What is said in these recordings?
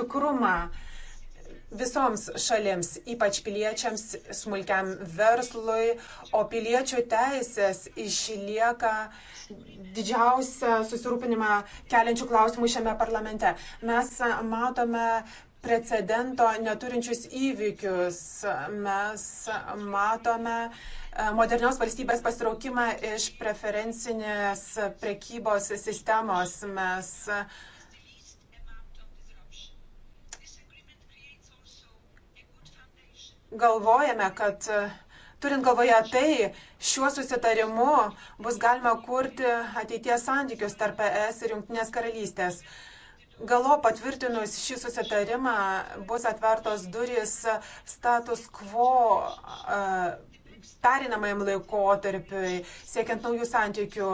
tikrumą visoms šalims, ypač piliečiams, smulkiam verslui, o piliečių teisės išlieka didžiausia susirūpinimą keliančių klausimų šiame parlamente. Mes matome precedento neturinčius įvykius. Mes matome e, modernios valstybės pasitraukimą iš preferencinės prekybos sistemos. Mes galvojame, kad e, turint galvoje tai, šiuo susitarimu bus galima kurti ateities santykius tarp ES ir Junktinės karalystės. Galo patvirtinus šį susitarimą bus atvertos duris status quo e, perinamajam laikotarpiui, siekiant naujų santykių.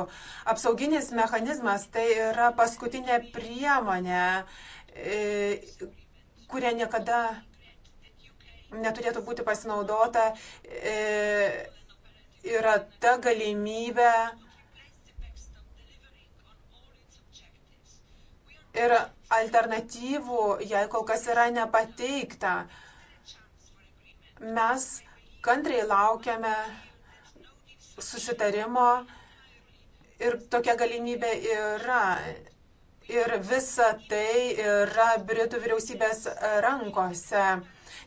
Apsauginis mechanizmas tai yra paskutinė priemonė, e, kuria niekada neturėtų būti pasinaudota e, yra ta galimybė ir alternatyvų, jei kol kas yra nepateikta. Mes kantriai laukiame susitarimo ir tokia galimybė yra. Ir visa tai yra Britų vyriausybės rankose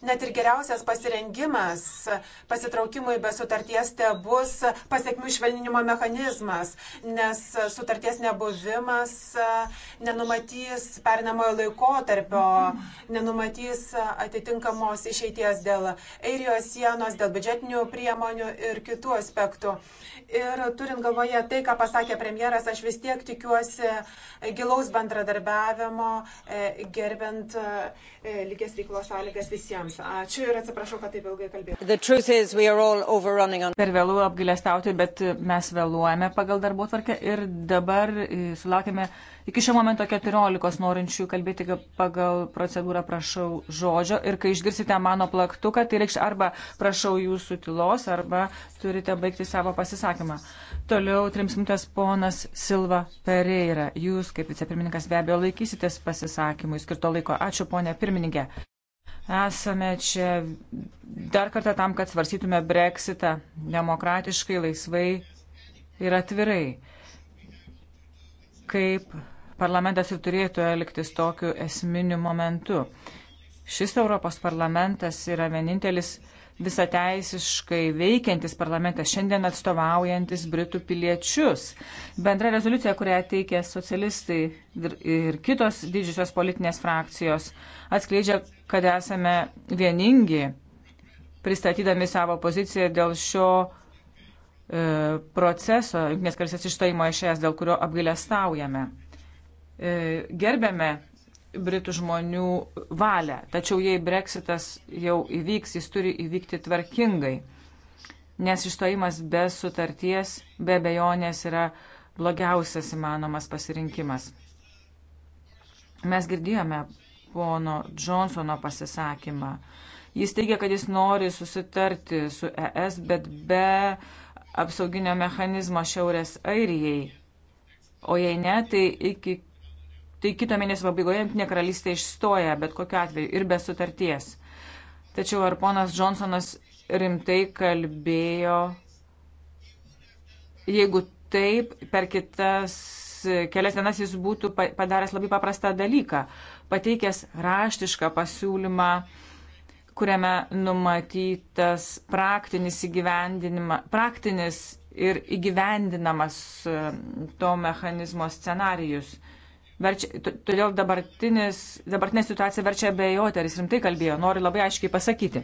net ir geriausias pasirengimas pasitraukimui be sutarties te bus pasiekmių švelninimo mechanizmas, nes sutarties nebuvimas e, nenumatys perinamojo laikotarpio, nenumatys atitinkamos išeities dėl airijos sienos, dėl biudžetinių priemonių ir kitų aspektų. Ir turint galvoje tai, ką pasakė premjeras, aš vis tiek tikiuosi gilaus bendradarbiavimo, e, gerbent e, lygias veiklos sąlygas visiems kolegoms. Ačiū ir atsiprašau, kad taip ilgai kalbėjau. Per vėlų apgailestauti, bet mes vėluojame pagal darbo tvarkę ir dabar e, sulaukime iki šio momento 14 norinčių kalbėti pagal procedūrą prašau žodžio ir kai išgirsite mano plaktuką, tai reikš arba prašau jūsų tylos, arba turite baigti savo pasisakymą. Toliau trims minutės ponas Silva Pereira. Jūs kaip vicepirmininkas be abejo laikysitės pasisakymui skirto laiko. Ačiū ponė pirmininkė. Esame čia dar kartą tam, kad svarstytume breksitą demokratiškai, laisvai ir atvirai. Kaip parlamentas ir turėtų elgtis tokiu esminiu momentu. Šis Europos parlamentas yra vienintelis visateisiškai veikiantis parlamentas, šiandien atstovaujantis Britų piliečius. Bendra rezoliucija, kurią teikė socialistai ir kitos didžiosios politinės frakcijos, atskleidžia, kad esame vieningi, pristatydami savo poziciją dėl šio e, proceso, nes karalystės išstojimo iš es, dėl kurio apgailę staujame. E, gerbėme Britų žmonių valią. Tačiau jei breksitas jau įvyks, jis turi įvykti tvarkingai, nes išstojimas be sutarties, be bejonės yra blogiausias įmanomas pasirinkimas. Mes girdėjome pono Johnsono pasisakymą. Jis teigia, kad jis nori susitarti su ES, bet be apsauginio mechanizmo Šiaurės Airijai. O jei ne, tai iki tai kito mėnesio pabaigoje Junktinė karalystė išstoja bet kokiu atveju ir be sutarties. Tačiau ar ponas Johnsonas rimtai kalbėjo, jeigu taip, per kitas kelias dienas jis būtų padaręs labai paprastą dalyką, pateikęs raštišką pasiūlymą, kuriame numatytas praktinis, praktinis ir įgyvendinamas e, to mechanizmo scenarius verčia, todėl dabartinė situacija verčia abejoti, ar jis rimtai kalbėjo. Noriu labai aiškiai pasakyti,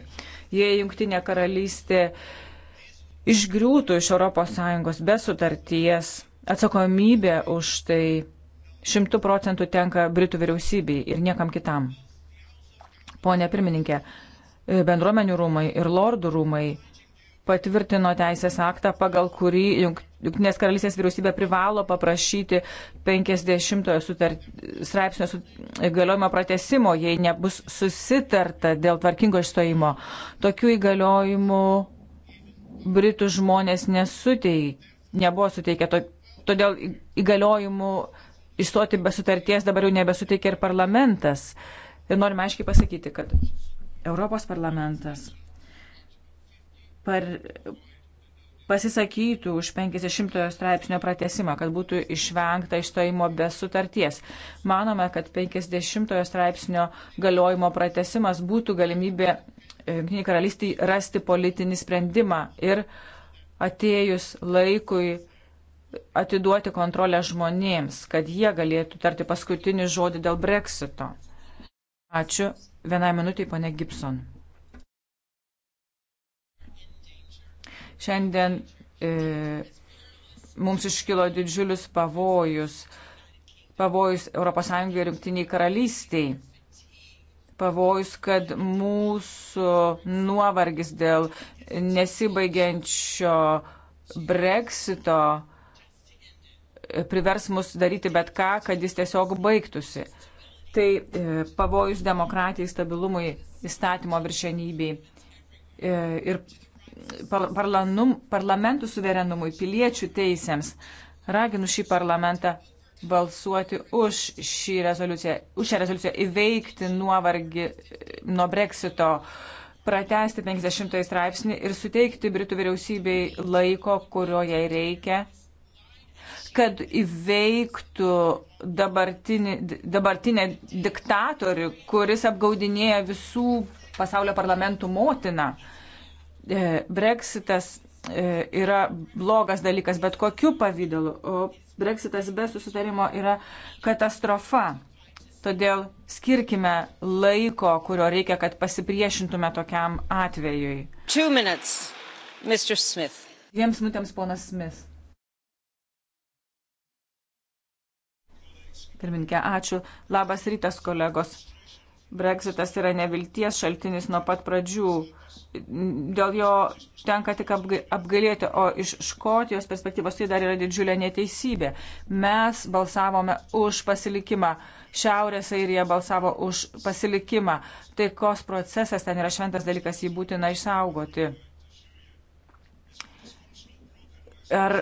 jei Junktinė karalystė išgriūtų iš ES be sutarties, atsakomybė už tai šimtų procentų tenka Britų vyriausybei ir niekam kitam. Pone pirmininkė, bendruomenių rūmai ir lordų rūmai patvirtino teisės aktą, pagal kurį Junktinės karalystės vyriausybė privalo paprašyti 50-ojo straipsnio įgaliojimo pratesimo, jei nebus susitarta dėl tvarkingo išstojimo. Tokių įgaliojimų Britų žmonės nesuteik, nebuvo suteikę, to, todėl įgaliojimų išstoti be sutarties dabar jau nebesuteikia ir parlamentas. Ir norime aiškiai pasakyti, kad Europos parlamentas par, pasisakytų už 50 straipsnio pratesimą, kad būtų išvengta išstojimo be sutarties. Manome, kad 50 straipsnio galiojimo pratesimas būtų galimybė e, Junktiniai karalystiai rasti politinį sprendimą ir atėjus laikui atiduoti kontrolę žmonėms, kad jie galėtų tarti paskutinį žodį dėl breksito. Ačiū. Vienai minutiai, ponė Gibson. Šiandien e, mums iškilo didžiulis pavojus. Pavojus ES ir Junktiniai karalystiai. Pavojus, kad mūsų nuovargis dėl nesibaigiančio breksito e, privers mus daryti bet ką, kad jis tiesiog baigtųsi. Tai e, pavojus demokratijai, stabilumui, įstatymo viršenybei e, ir parlanum, parlamentų suverenumui, piliečių teisėms. Raginu šį parlamentą balsuoti už, šį rezoliuciją, už šią rezoliuciją, įveikti nuovargį e, nuo breksito, pratesti 50 straipsnį ir suteikti Britų vyriausybei laiko, kurio jai reikia, kad įveiktų dabartinį, dabartinę diktatorių, kuris apgaudinėja visų pasaulio parlamentų motiną. E, Brexitas e, yra blogas dalykas, bet kokiu pavydalu. O Brexitas be susitarimo yra katastrofa. Todėl skirkime laiko, kurio reikia, kad pasipriešintume tokiam atvejui. Dviems minutėms, ponas Smith. Pirminkė, ačiū. Labas rytas, kolegos. Brexitas yra nevilties šaltinis nuo pat pradžių. Dėl jo tenka tik apgalėti, o iš Škotijos perspektyvos tai dar yra didžiulė neteisybė. Mes balsavome už pasilikimą. Šiaurės Airija balsavo už pasilikimą. Taikos procesas ten yra šventas dalykas, jį būtina išsaugoti. Ar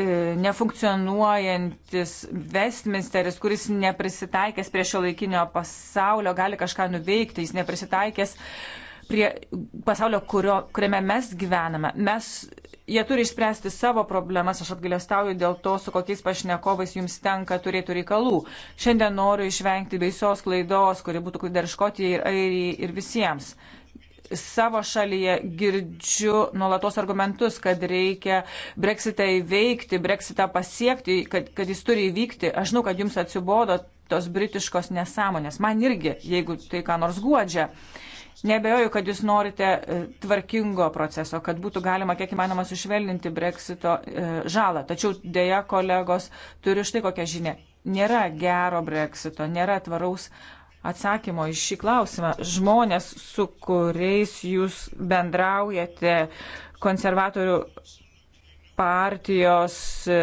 E, nefunkcionuojantis Westminsteris, kuris neprisitaikęs prie šio laikinio pasaulio, gali kažką nuveikti, jis neprisitaikęs prie pasaulio, kurio, kuriame mes gyvename. Mes, jie turi išspręsti savo problemas, aš apgailestauju dėl to, su kokiais pašnekovais jums tenka turėti reikalų. Šiandien noriu išvengti baisios klaidos, kuri būtų klaida ir Škotijai, ir Airijai, ir visiems savo šalyje girdžiu nuolatos argumentus, kad reikia breksitą įveikti, breksitą pasiekti, kad, kad jis turi įvykti. Aš žinau, kad jums atsibodo tos britiškos nesąmonės. Man irgi, jeigu tai ką nors guodžia. Nebejoju, kad jūs norite e, tvarkingo proceso, kad būtų galima kiek įmanoma sušvelninti breksito e, žalą. Tačiau dėja, kolegos, turiu štai kokią žinę. Nėra gero breksito, nėra tvaraus atsakymo iš šį klausimą. Žmonės, su kuriais jūs bendraujate konservatorių partijos e,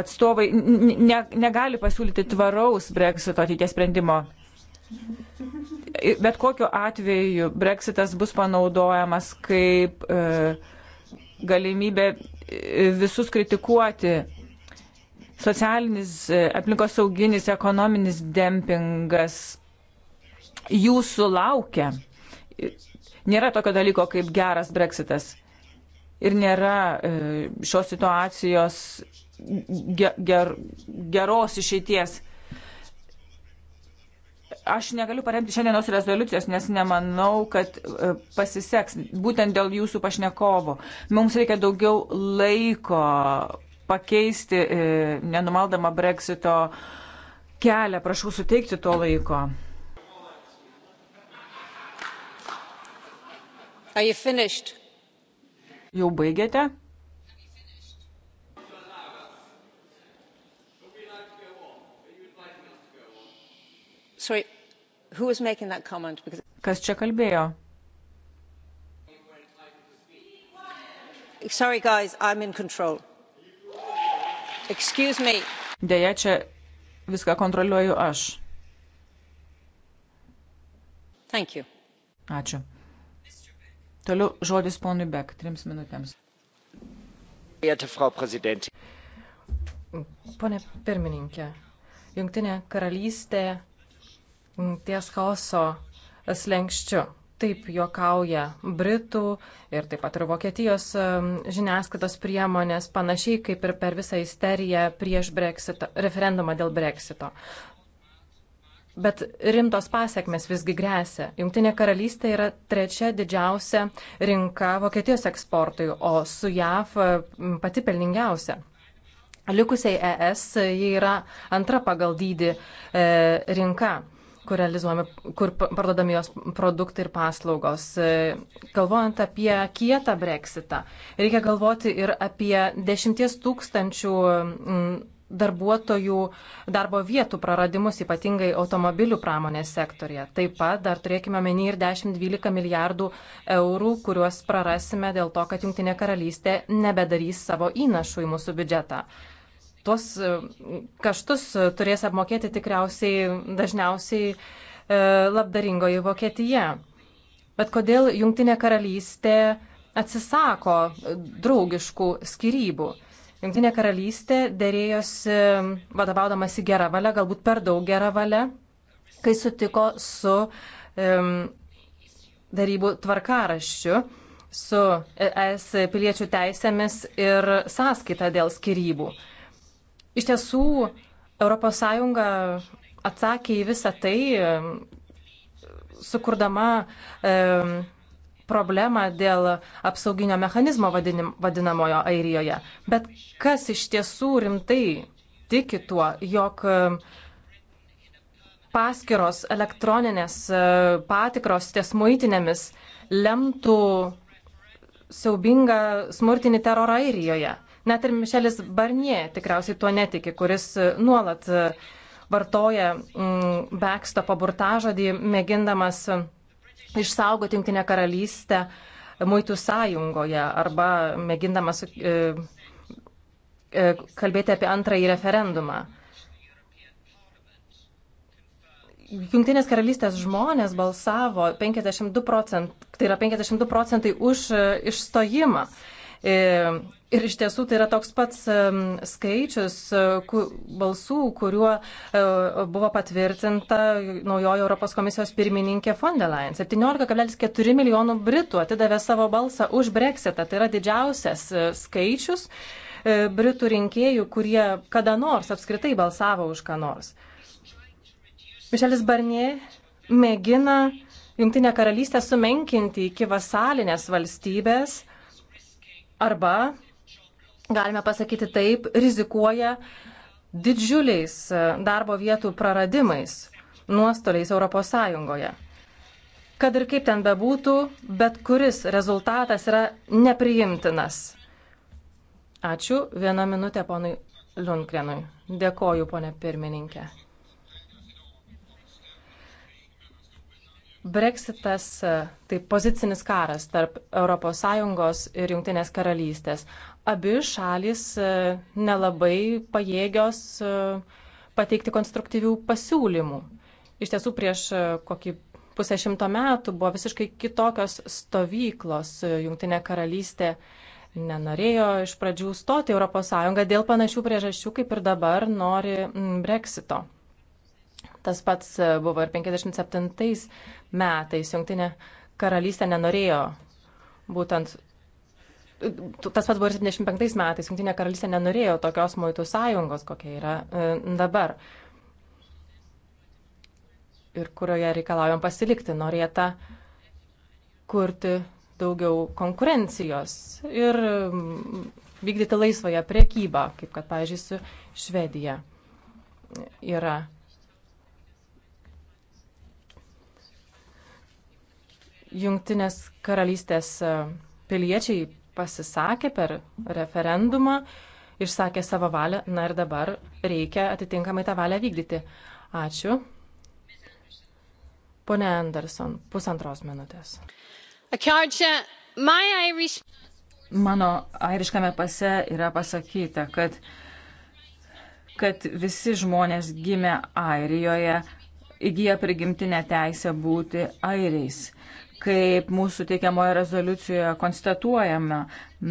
atstovai, ne, negali pasiūlyti tvaraus breksito ateities sprendimo. Bet kokiu atveju breksitas bus panaudojamas kaip e, galimybė e, visus kritikuoti socialinis, e, aplinkosauginis, ekonominis dempingas jūsų laukia. Nėra tokio dalyko kaip geras breksitas. Ir nėra e, šios situacijos ger, ger, geros išeities. Aš negaliu paremti šiandienos rezoliucijos, nes nemanau, kad e, pasiseks būtent dėl jūsų pašnekovo. Mums reikia daugiau laiko pakeisti e, nenumaldamą breksito kelią. Prašau suteikti to laiko. Jau baigėte? Sorry, Because... Kas čia kalbėjo? Sorry, guys, I'm in control. Deja, čia viską kontroliuoju aš. Ačiū. Toliau žodis ponui Bek, trims minutėms. Pone pirmininkė, Junktinė karalystė ties chaoso slengščiu taip juokauja Britų ir taip pat ir Vokietijos žiniasklaidos priemonės, panašiai kaip ir per visą isteriją prieš Brexito, referendumą dėl Brexito. Bet rimtos pasiekmes visgi grėsia. Junktinė karalystė yra trečia didžiausia rinka Vokietijos eksportui, o su JAV pati pelningiausia. Likusiai ES ji yra antra pagal dydį e, rinka kur realizuojami, kur parduodami jos produktai ir paslaugos. Galvojant apie kietą breksitą, reikia galvoti ir apie dešimties tūkstančių darbuotojų darbo vietų praradimus, ypatingai automobilių pramonės sektorija. Taip pat dar turėkime menį ir 10-12 milijardų eurų, kuriuos prarasime dėl to, kad Junktinė karalystė nebedarys savo įnašų į mūsų biudžetą tuos e, kaštus e, turės apmokėti tikriausiai dažniausiai e, labdaringoji Vokietija. Bet kodėl Junktinė karalystė atsisako draugiškų skirybų? Junktinė karalystė dėrėjosi vadovaudamasi gerą valią, galbūt per daug gerą valią, kai sutiko su um, darybų tvarkaraščiu, su ES piliečių teisėmis ir sąskaita dėl skirybų. Uh, Iš tiesų, ES atsakė į visą tai, sukurdama e, problemą dėl apsauginio mechanizmo vadinim, vadinamojo Airijoje. Bet kas iš tiesų rimtai tiki tuo, jog paskiros elektroninės e, patikros ties muitinėmis lemtų siaubingą smurtinį terorą Airijoje? Net ir Mišelis Barnie tikriausiai tuo netiki, kuris e, nuolat e, vartoja mm, backstop aburtažodį, mėgindamas e, išsaugoti Junktinę karalystę muitų sąjungoje arba mėgindamas kalbėti apie antrąjį referendumą. Junktinės karalystės žmonės balsavo 52 procentai, tai yra 52 procentai už išstojimą. E, ir iš tiesų tai yra toks pats skaičius e, balsų, kuriuo e, buvo patvirtinta naujojo Europos komisijos pirmininkė von der Leyen. 17,4 milijonų Britų atidavė savo balsą už Brexitą. Tai yra didžiausias skaičius Britų rinkėjų, kurie kada nors apskritai balsavo už ką nors. Mišelis Barnie mėgina Junktinę karalystę sumenkinti iki vasalinės valstybės arba, galime pasakyti taip, rizikuoja didžiuliais e, darbo vietų praradimais, nuostoliais Europos Sąjungoje. Kad ir kaip ten bebūtų, bet kuris rezultatas yra nepriimtinas. Ačiū. Vieną minutę ponui Lunkrenui. Dėkoju, ponė pirmininkė. Brexitas e, tai pozicinis karas tarp ES ir Junktinės karalystės. Abi šalis e, nelabai pajėgios e, pateikti konstruktyvių pasiūlymų. Iš tiesų, prieš kokį pusę šimto metų buvo visiškai kitokios stovyklos. Junktinė karalystė nenorėjo iš pradžių stoti ES dėl panašių priežasčių, kaip ir dabar nori Brexito. Tas pats e, buvo ir 57 metais. Jungtinė karalystė nenorėjo būtent. E, tas pats buvo ir 75 metais. Jungtinė karalystė nenorėjo tokios muitų sąjungos, kokia yra e, dabar. Ir kurioje reikalaujam pasilikti. Norėta kurti daugiau konkurencijos ir mm, vykdyti laisvąją priekybą, kaip kad, pavyzdžiui, su Švedija yra Jungtinės karalystės e, piliečiai pasisakė per referendumą, išsakė savo valią, na ir dabar reikia atitinkamai tą valią vykdyti. Ačiū. Pone Anderson, pusantros minutės. Mano airiškame pase yra pasakyta, kad, kad visi žmonės gimę Airijoje įgyja prigimtinę teisę būti airiais kaip mūsų teikiamoje rezoliucijoje konstatuojama,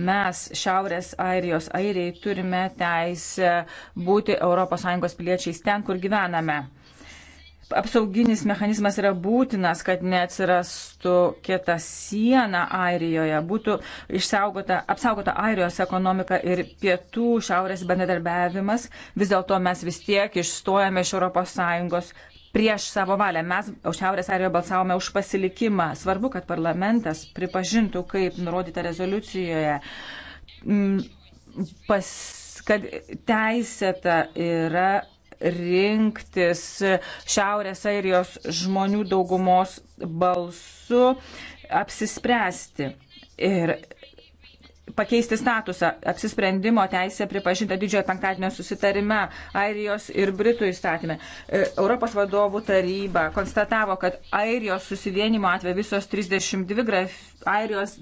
mes Šiaurės Airijos airiai turime teisę būti ES piliečiais ten, kur gyvename. Apsauginis mechanizmas yra būtinas, kad neatsirastų kieta siena Airijoje, būtų apsaugota Airijos ekonomika ir pietų šiaurės bendradarbiavimas. Vis dėlto mes vis tiek išstojame iš ES prieš savo valią. Mes Šiaurės Airijoje balsavome už pasilikimą. Svarbu, kad parlamentas pripažintų, kaip nurodyta rezoliucijoje, pas, kad teisėta yra rinktis Šiaurės Airijos žmonių daugumos balsu apsispręsti. Ir pakeisti statusą. Apsisprendimo teisė pripažinta didžiojo penktadienio susitarime, Airijos ir Britų įstatymė. E, Europos vadovų taryba konstatavo, kad Airijos susivienimo atveju visos 32 graf, Airijos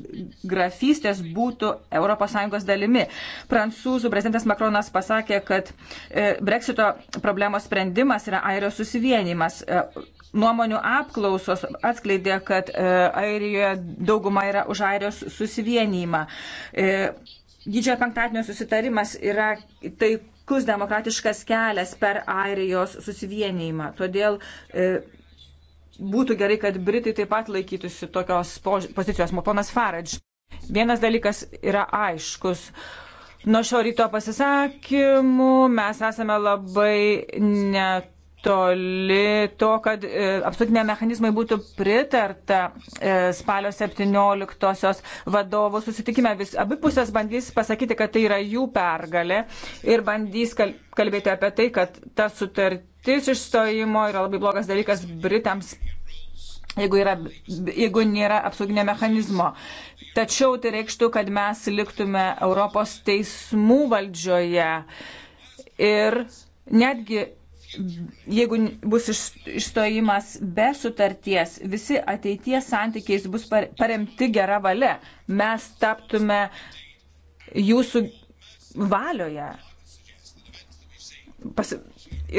grafystės būtų ES dalimi. Prancūzų prezidentas Makronas pasakė, kad e, Brexito problemos sprendimas yra Airijos susivienimas. E, Nuomonių apklausos atskleidė, kad e, Airijoje dauguma yra už Airijos susivienymą. E, Didžiojo penktadienio susitarimas yra taikus demokratiškas kelias per Airijos susivienymą. Todėl e, būtų gerai, kad Britai taip pat laikytųsi tokios pozicijos. Ponas Faradž, vienas dalykas yra aiškus. Nuo šio ryto pasisakymų mes esame labai net toli to, kad e, apsauginė mechanizmai būtų pritarta e, spalio 17-osios vadovų susitikime. Vis, abi pusės bandys pasakyti, kad tai yra jų pergalė ir bandys kal, kalbėti apie tai, kad ta sutartis išstojimo yra labai blogas dalykas Britams. Jeigu, yra, jeigu nėra apsauginio mechanizmo. Tačiau tai reikštų, kad mes liktume Europos teismų valdžioje ir netgi jeigu bus išstojimas be sutarties, visi ateities santykiais bus paremti gera valia. Mes taptume jūsų valioje. Pas,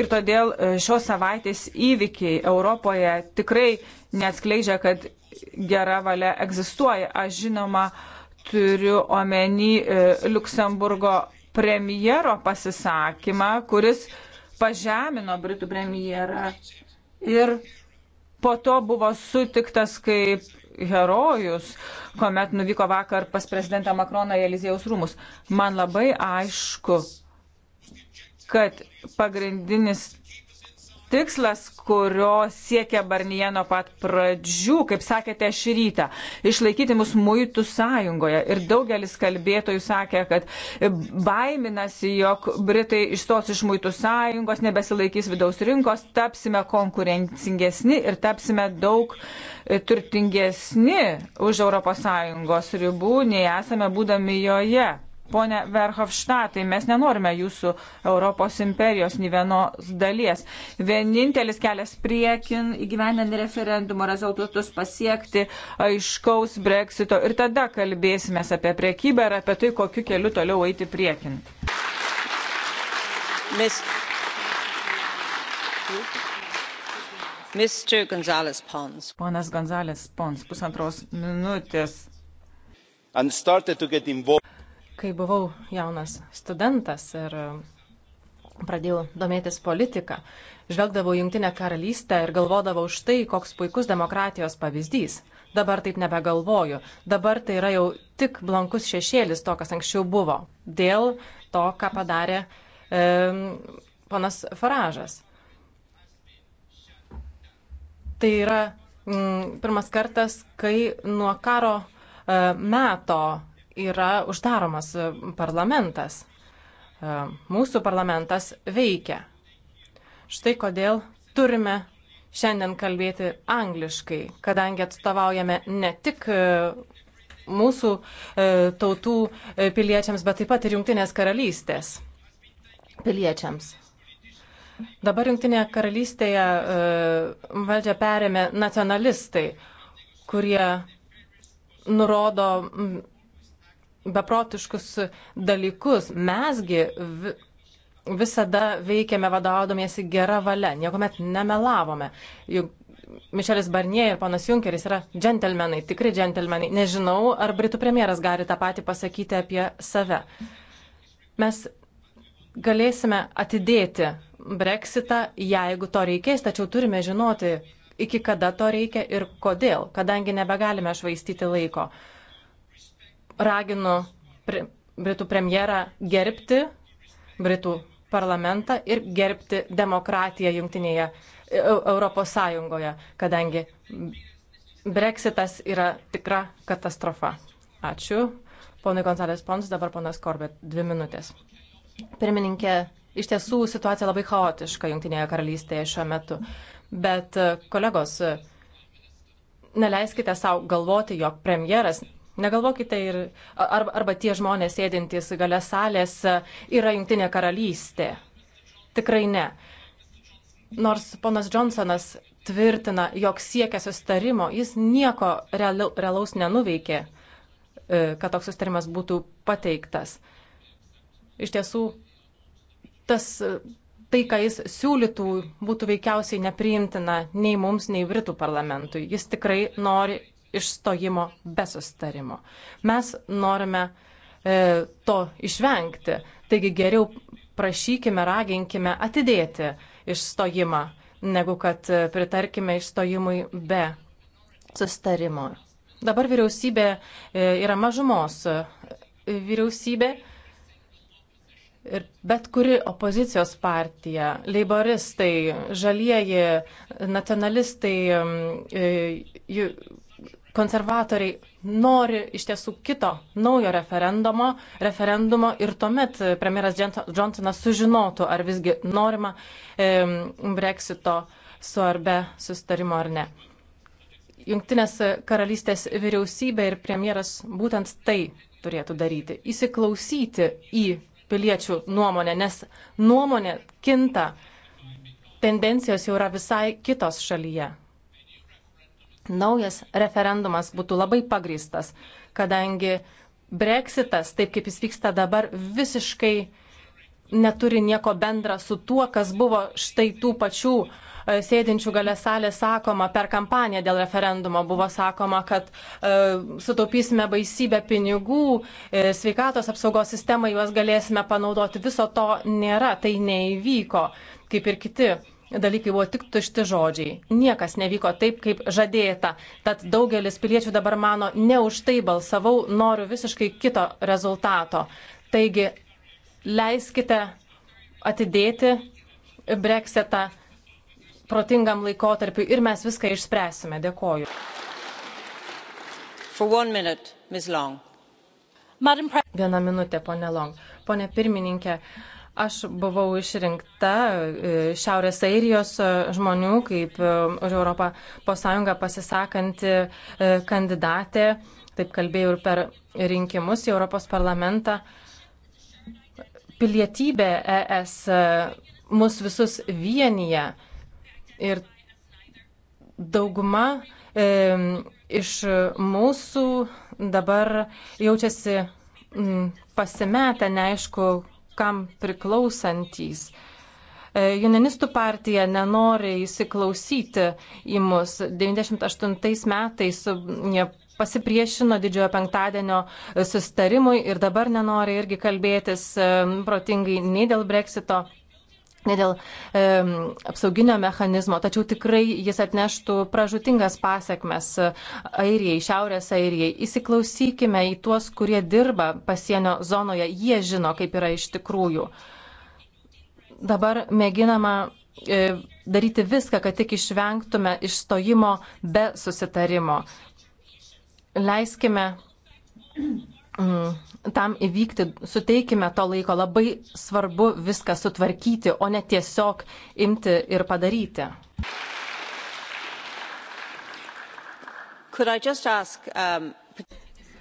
ir todėl e, šios savaitės įvykiai Europoje tikrai neatskleidžia, kad gera valia egzistuoja. Aš žinoma turiu omeny e, Luksemburgo premjero pasisakymą, kuris uh, pažemino Britų premjerą ir po to buvo sutiktas kaip herojus, kuomet nuvyko vakar pas prezidentą Makroną į Elizėjaus rūmus. Man labai aišku, kad pagrindinis tikslas, kurio siekia Barnie nuo pat pradžių, kaip sakėte šį rytą, išlaikyti mus muitų sąjungoje. Ir daugelis kalbėtojų sakė, kad baiminasi, jog Britai išstos iš muitų sąjungos, nebesilaikys vidaus rinkos, tapsime konkurencingesni ir tapsime daug turtingesni už ES ribų, nei esame būdami joje. Pone Verhofštatai, mes nenorime jūsų Europos imperijos nei vienos dalies. Vienintelis kelias priekin įgyvenant referendumo rezultatus pasiekti aiškaus breksito ir tada kalbėsime apie priekybę ir apie tai, kokiu keliu toliau eiti priekin. Mis... Mr. Gonzales Pons. Ponas Gonzales Pons, pusantros minutės kai buvau jaunas studentas ir pradėjau domėtis politiką, žvelgdavau Junktinę karalystę ir galvodavau štai, koks puikus demokratijos pavyzdys. Dabar taip nebegalvoju. Dabar tai yra jau tik blankus šešėlis to, kas anksčiau buvo. Dėl to, ką padarė e, ponas Faražas. Tai yra m, mm, pirmas kartas, kai nuo karo e, meto yra uždaromas e, parlamentas. E, mūsų parlamentas veikia. Štai kodėl turime šiandien kalbėti angliškai, kadangi atstovaujame ne tik e, mūsų tautų piliečiams, bet taip pat ir Junktinės karalystės piliečiams. Dabar Junktinėje karalystėje valdžią perėmė nacionalistai, kurie nurodo beprotiškus dalykus. Mesgi visada veikėme vadovaudomėsi gerą valią, niekuomet nemelavome. Juk Mišelis Barnie ir panas Junkeris yra džentelmenai, tikri džentelmenai. Nežinau, ar Britų premjeras gali tą patį pasakyti apie save. Mes galėsime atidėti breksitą, jeigu to reikės, tačiau turime žinoti, iki kada to reikia ir kodėl, kadangi nebegalime švaistyti laiko raginu pre, Britų premjerą gerbti Britų parlamentą ir gerbti demokratiją jungtinėje e, Europos Sąjungoje, kadangi Brexitas yra tikra katastrofa. Ačiū. Ponai Gonzalės Pons, dabar ponas Korbet, dvi minutės. Pirmininkė, iš tiesų situacija labai chaotiška Junktinėje karalystėje šiuo metu. Bet kolegos, neleiskite savo galvoti, jog premjeras Negalvokite ir arba, arba tie žmonės sėdintys gale salės yra jungtinė karalystė. Tikrai ne. Nors ponas Johnsonas tvirtina, jog siekia sustarimo, jis nieko realu, realaus nenuveikė, e, kad toks sustarimas būtų pateiktas. Iš tiesų, tas, e, tai, ką jis siūlytų, būtų veikiausiai nepriimtina nei mums, nei Britų parlamentui. Jis tikrai nori išstojimo be sustarimo. Mes norime e, to išvengti, taigi geriau prašykime, raginkime atidėti išstojimą, negu kad e, pritarkime išstojimui be sustarimo. Dabar vyriausybė e, yra mažumos e, vyriausybė ir bet kuri opozicijos partija, leiboristai, žalieji, nacionalistai, konservatoriai nori iš tiesų kito naujo referendumo, referendumo ir tuomet premjeras Johnsonas sužinotų, ar visgi norima e, Brexito su arbe sustarimo ar ne. Junktinės karalystės vyriausybė ir premjeras būtent tai turėtų daryti - įsiklausyti į piliečių nuomonę, nes nuomonė kinta, tendencijos jau yra visai kitos šalyje naujas referendumas būtų labai pagristas, kadangi Brexitas, taip kaip jis vyksta dabar, visiškai neturi nieko bendra su tuo, kas buvo štai tų pačių e, sėdinčių gale salės sakoma per kampaniją dėl referendumo. Buvo sakoma, kad e, sutaupysime baisybę pinigų, e, sveikatos apsaugos sistemą juos galėsime panaudoti. Viso to nėra, tai neįvyko, kaip ir kiti dalykai buvo tik tušti žodžiai. Niekas nevyko taip, kaip žadėta. Tad daugelis piliečių dabar mano, ne už tai balsavau, noriu visiškai kito rezultato. Taigi, leiskite atidėti breksitą protingam laikotarpiu ir mes viską išspręsime. Dėkoju. Minute, Viena minutė, ponė Long. Pone pirmininkė, uh, Aš buvau išrinkta e, Šiaurės Airijos e, žmonių kaip e, už Europą posąjungą pasisakanti kandidatė. Taip kalbėjau ir per rinkimus į Europos parlamentą. Pilietybė ES mus visus vienyje ir dauguma e, iš mūsų dabar jaučiasi m, pasimetę, neaišku, kažkam priklausantys. E, Junenistų partija nenori įsiklausyti į mus. 98 metais e, pasipriešino didžiojo penktadienio sustarimui ir dabar nenori irgi kalbėtis e, protingai nei dėl breksito, ne dėl e, apsauginio mechanizmo, tačiau tikrai jis atneštų pražutingas pasiekmes Airijai, Šiaurės Airijai. Įsiklausykime į tuos, kurie dirba pasienio zonoje, jie žino, kaip yra iš tikrųjų. Dabar mėginama e, daryti viską, kad tik išvengtume išstojimo be susitarimo. Leiskime Mm. tam įvykti, suteikime to laiko, labai svarbu viską sutvarkyti, o ne tiesiog imti ir padaryti. Ask, um...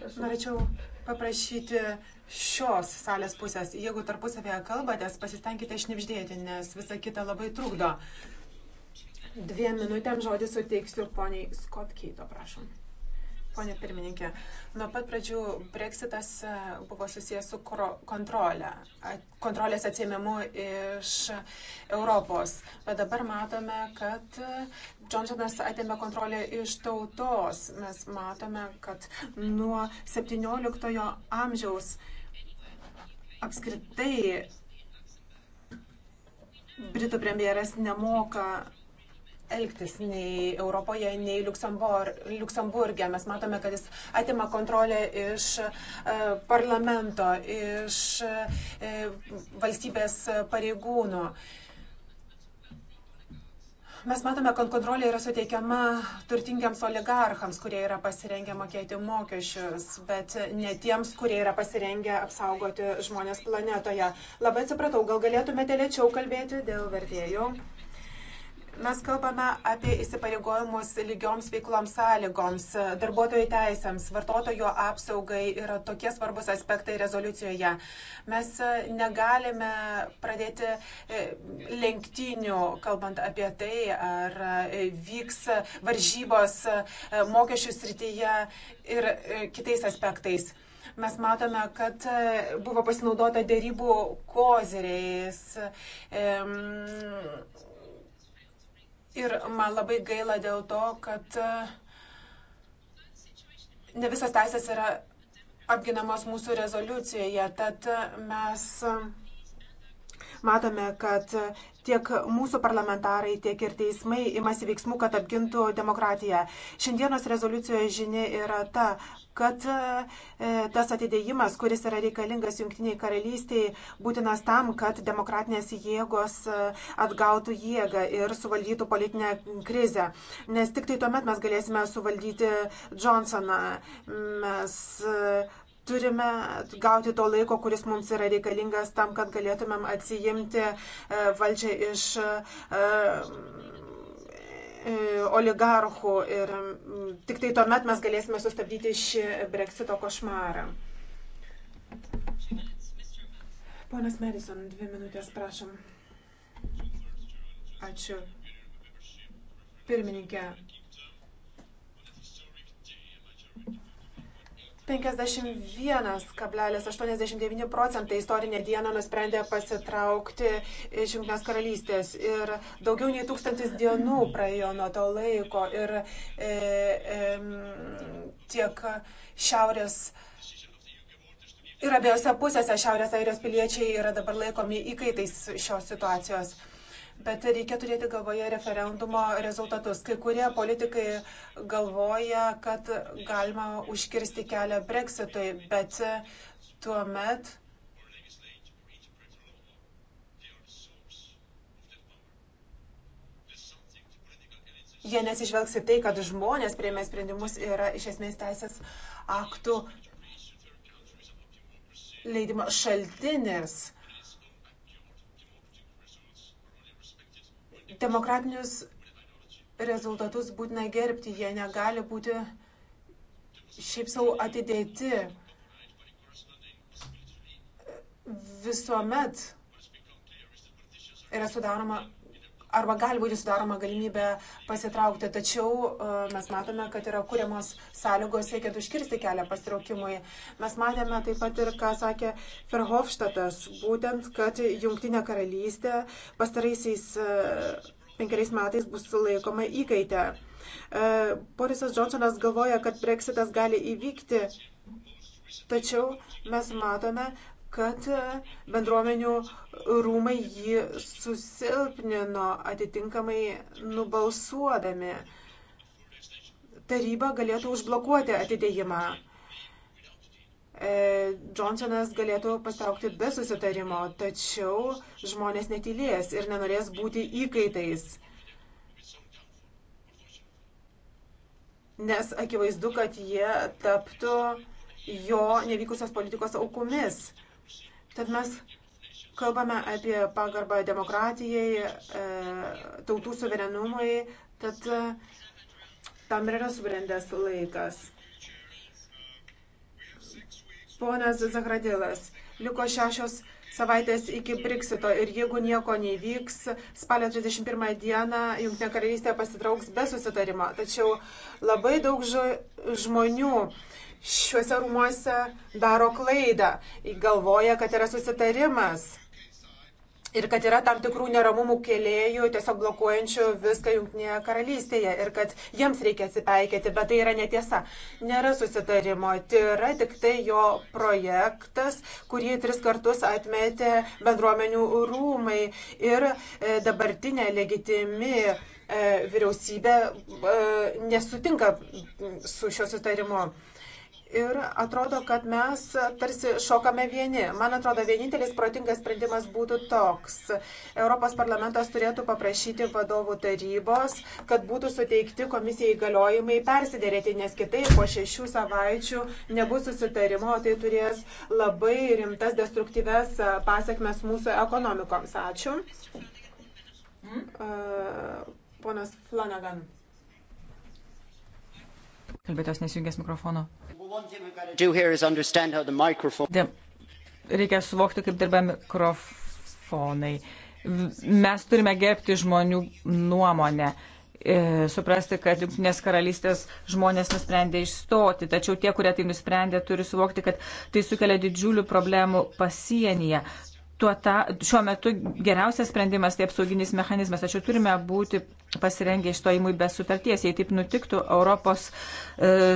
Aš norėčiau paprašyti šios salės pusės, jeigu tarpusavėje kalbatės, pasistengkite šnipždėti, nes visa kita labai trukdo. Dviem minutėm žodį suteiksiu poniai Scott Keito, prašom. Pone pirmininkė, nuo pat pradžių Brexitas e, buvo susijęs su kontrolė, kontrolės atsėmimu iš Europos. Bet dabar matome, kad e, Johnsonas atėmė kontrolę iš tautos. Mes matome, kad nuo 17 amžiaus apskritai Britų premjeras nemoka elgtis nei Europoje, nei Luksemburg, Luksemburgė. Mes matome, kad jis atima kontrolę iš e, parlamento, iš e, valstybės pareigūnų. Mes matome, kad kontrolė yra suteikiama turtingiams oligarchams, kurie yra pasirengę mokėti mokesčius, bet ne tiems, kurie yra pasirengę apsaugoti žmonės planetoje. Labai atsipratau, gal galėtumėte lėčiau kalbėti dėl vertėjų. Mes kalbame apie įsipareigojimus lygioms veikloms sąlygoms, darbuotojų teisėms, vartotojų apsaugai yra tokie svarbus aspektai rezoliucijoje. Mes e, negalime pradėti e, lenktynių, kalbant apie tai, ar e, vyks varžybos mokesčių srityje ir kitais aspektais mes matome, kad buvo pasinaudota dėrybų kozeriais. Ir man labai gaila dėl to, kad e, ne visas teisės yra apginamos mūsų rezoliucijoje. Tad mes e, matome, kad tiek mūsų parlamentarai, tiek ir teismai imasi veiksmų, kad apgintų demokratiją. Šiandienos rezoliucijoje žinia yra ta, kad e, tas atidėjimas, kuris yra reikalingas Junktiniai karalystiai, būtinas tam, kad demokratinės jėgos e, atgautų jėgą ir suvaldytų politinę krizę. Nes tik tai tuomet mes galėsime suvaldyti Johnsoną. Mes turime gauti to laiko, kuris mums yra reikalingas tam, kad galėtumėm atsijimti e, valdžią iš e, e, oligarchų ir tik tai tuomet mes galėsime sustabdyti šį breksito košmarą. Ponas Madison, dvi minutės, prašom. Ačiū. Pirmininkė. 51,89 procentai istorinę dieną nusprendė pasitraukti iš Junktinės karalystės ir daugiau nei tūkstantis dienų praėjo nuo to laiko ir e, e, tiek šiaurės ir abiejose pusėse šiaurės airijos piliečiai yra dabar laikomi įkaitais šios situacijos. Bet reikia turėti galvoje referendumo rezultatus. Kai kurie politikai galvoja, kad galima užkirsti kelią breksitui, bet tuo met. Jie nesižvelgs į tai, kad žmonės prieimė sprendimus yra iš esmės teisės aktų leidimo šaltinis Demokratinius rezultatus būtina gerbti, jie negali būti šiaip savo atidėti. Visuomet yra sudaroma arba gali būti sudaroma galimybė pasitraukti, tačiau e, mes matome, kad yra kuriamos sąlygos siekiant užkirsti kelią pasitraukimui. Mes matėme taip pat ir, ką sakė Ferhofštatas, būtent, kad Junktinė karalystė pastaraisiais e, penkeriais metais bus laikoma įkaitę. E, Borisas Johnsonas galvoja, kad breksitas gali įvykti, tačiau mes matome, kad e, bendruomenių rūmai jį susilpnino atitinkamai nubalsuodami. Taryba galėtų užblokuoti atidėjimą. Johnsonas e, galėtų pastraukti be susitarimo, tačiau žmonės netylės ir nenorės būti įkaitais. Nes akivaizdu, kad jie taptų jo nevykusios politikos aukomis. Tad mes kalbame apie pagarbą demokratijai, e, tautų suverenumui, tad e, tam yra subrendęs laikas. Ponas Zahradilas, liko šešios savaitės iki Brexito ir jeigu nieko nevyks, spalio 31 dieną Junktinė karalystė pasitrauks be susitarimo. Tačiau labai daug žmonių šiuose rūmuose daro klaidą. Galvoja, kad yra susitarimas. Ir kad yra tam tikrų neramumų kėlėjų, tiesiog blokuojančių viską Junktinėje karalystėje. Ir kad jiems reikia atsipeikėti, bet tai yra netiesa. Nėra susitarimo. Tai yra tik tai jo projektas, kurį tris kartus atmetė bendruomenių rūmai. Ir e, dabartinė legitimi e, vyriausybė e, nesutinka su šio sutarimo ir atrodo, kad mes tarsi šokame vieni. Man atrodo, vienintelis protingas sprendimas būtų toks. Europos parlamentas turėtų paprašyti vadovų tarybos, kad būtų suteikti komisijai įgaliojimai persidėrėti, nes kitaip po šešių savaičių nebus susitarimo, tai turės labai rimtas destruktyves pasiekmes mūsų ekonomikoms. Ačiū. Hmm? Ponas Flanagan. Kalbėtos nesijungęs mikrofono. De, reikia suvokti, kaip dirba mikrofonai. Mes turime gerbti žmonių nuomonę e, suprasti, kad Junktinės karalystės žmonės nusprendė išstoti. Tačiau tie, kurie tai nusprendė, turi suvokti, kad tai sukelia didžiulių problemų pasienyje tuo ta, šiuo metu geriausias sprendimas tai apsauginis mechanizmas. Tačiau turime būti pasirengę išstojimui be sutarties. Jei taip nutiktų, Europos e,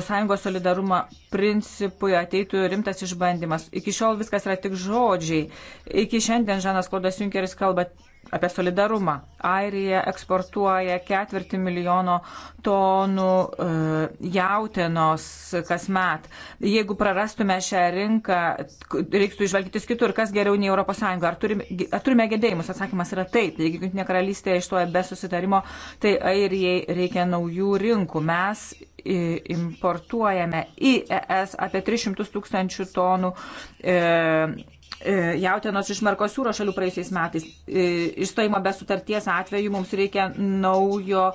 Sąjungos solidarumo principui ateitų rimtas išbandymas. Iki šiol viskas yra tik žodžiai. Iki šiandien Žanas Klodas Junkeris kalba apie solidarumą. Airija eksportuoja ketvirtį milijono tonų e, jautienos kasmet. Jeigu prarastume šią rinką, reiktų išvelgtis kitur, kas geriau nei ES. Ar turime, ar turime gedėjimus? Atsakymas yra taip. Jeigu Junktinė karalystė išstoja be susitarimo, tai Airijai reikia naujų rinkų. Mes importuojame į ES apie 300 tūkstančių tonų e, E, jautienos iš Merkosiūro šalių praėjusiais metais. E, išstojimo be sutarties atveju mums reikia naujo,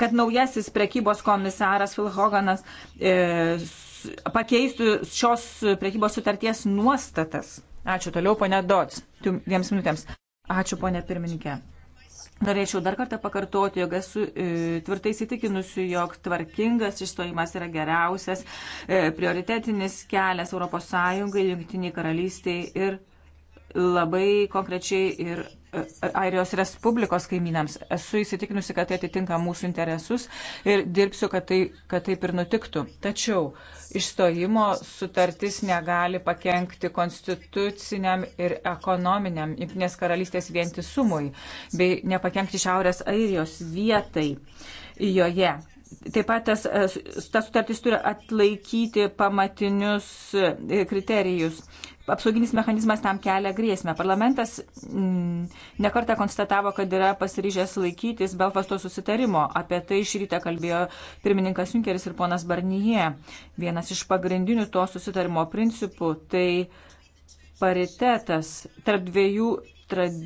kad naujasis prekybos komisaras Phil Hoganas e, pakeistų šios prekybos sutarties nuostatas. Ačiū toliau, ponia Dodds, dviems minutėms. Ačiū, ponia pirmininkė. Norėčiau dar kartą pakartoti, jog esu e, tvirtai įsitikinusi, jog tvarkingas išstojimas yra geriausias e, prioritetinis kelias ES, Junktiniai karalystiai ir labai konkrečiai ir e, Airijos Respublikos kaimynams. Esu įsitikinusi, kad tai atitinka mūsų interesus ir dirbsiu, kad, tai, kad taip ir nutiktų. Tačiau išstojimo sutartis negali pakengti konstituciniam ir ekonominiam Junktinės karalystės vientisumui bei nepakengti Šiaurės Airijos vietai joje. Taip pat tas, e, tas sutartis turi atlaikyti pamatinius e, kriterijus apsauginis mechanizmas tam kelia grėsmę. Parlamentas m, mm, nekartą konstatavo, kad yra pasiryžęs laikytis Belfasto susitarimo. Apie tai šį rytą kalbėjo pirmininkas Junkeris ir ponas Barnyje. Vienas iš pagrindinių to susitarimo principų tai paritetas tarp dviejų trad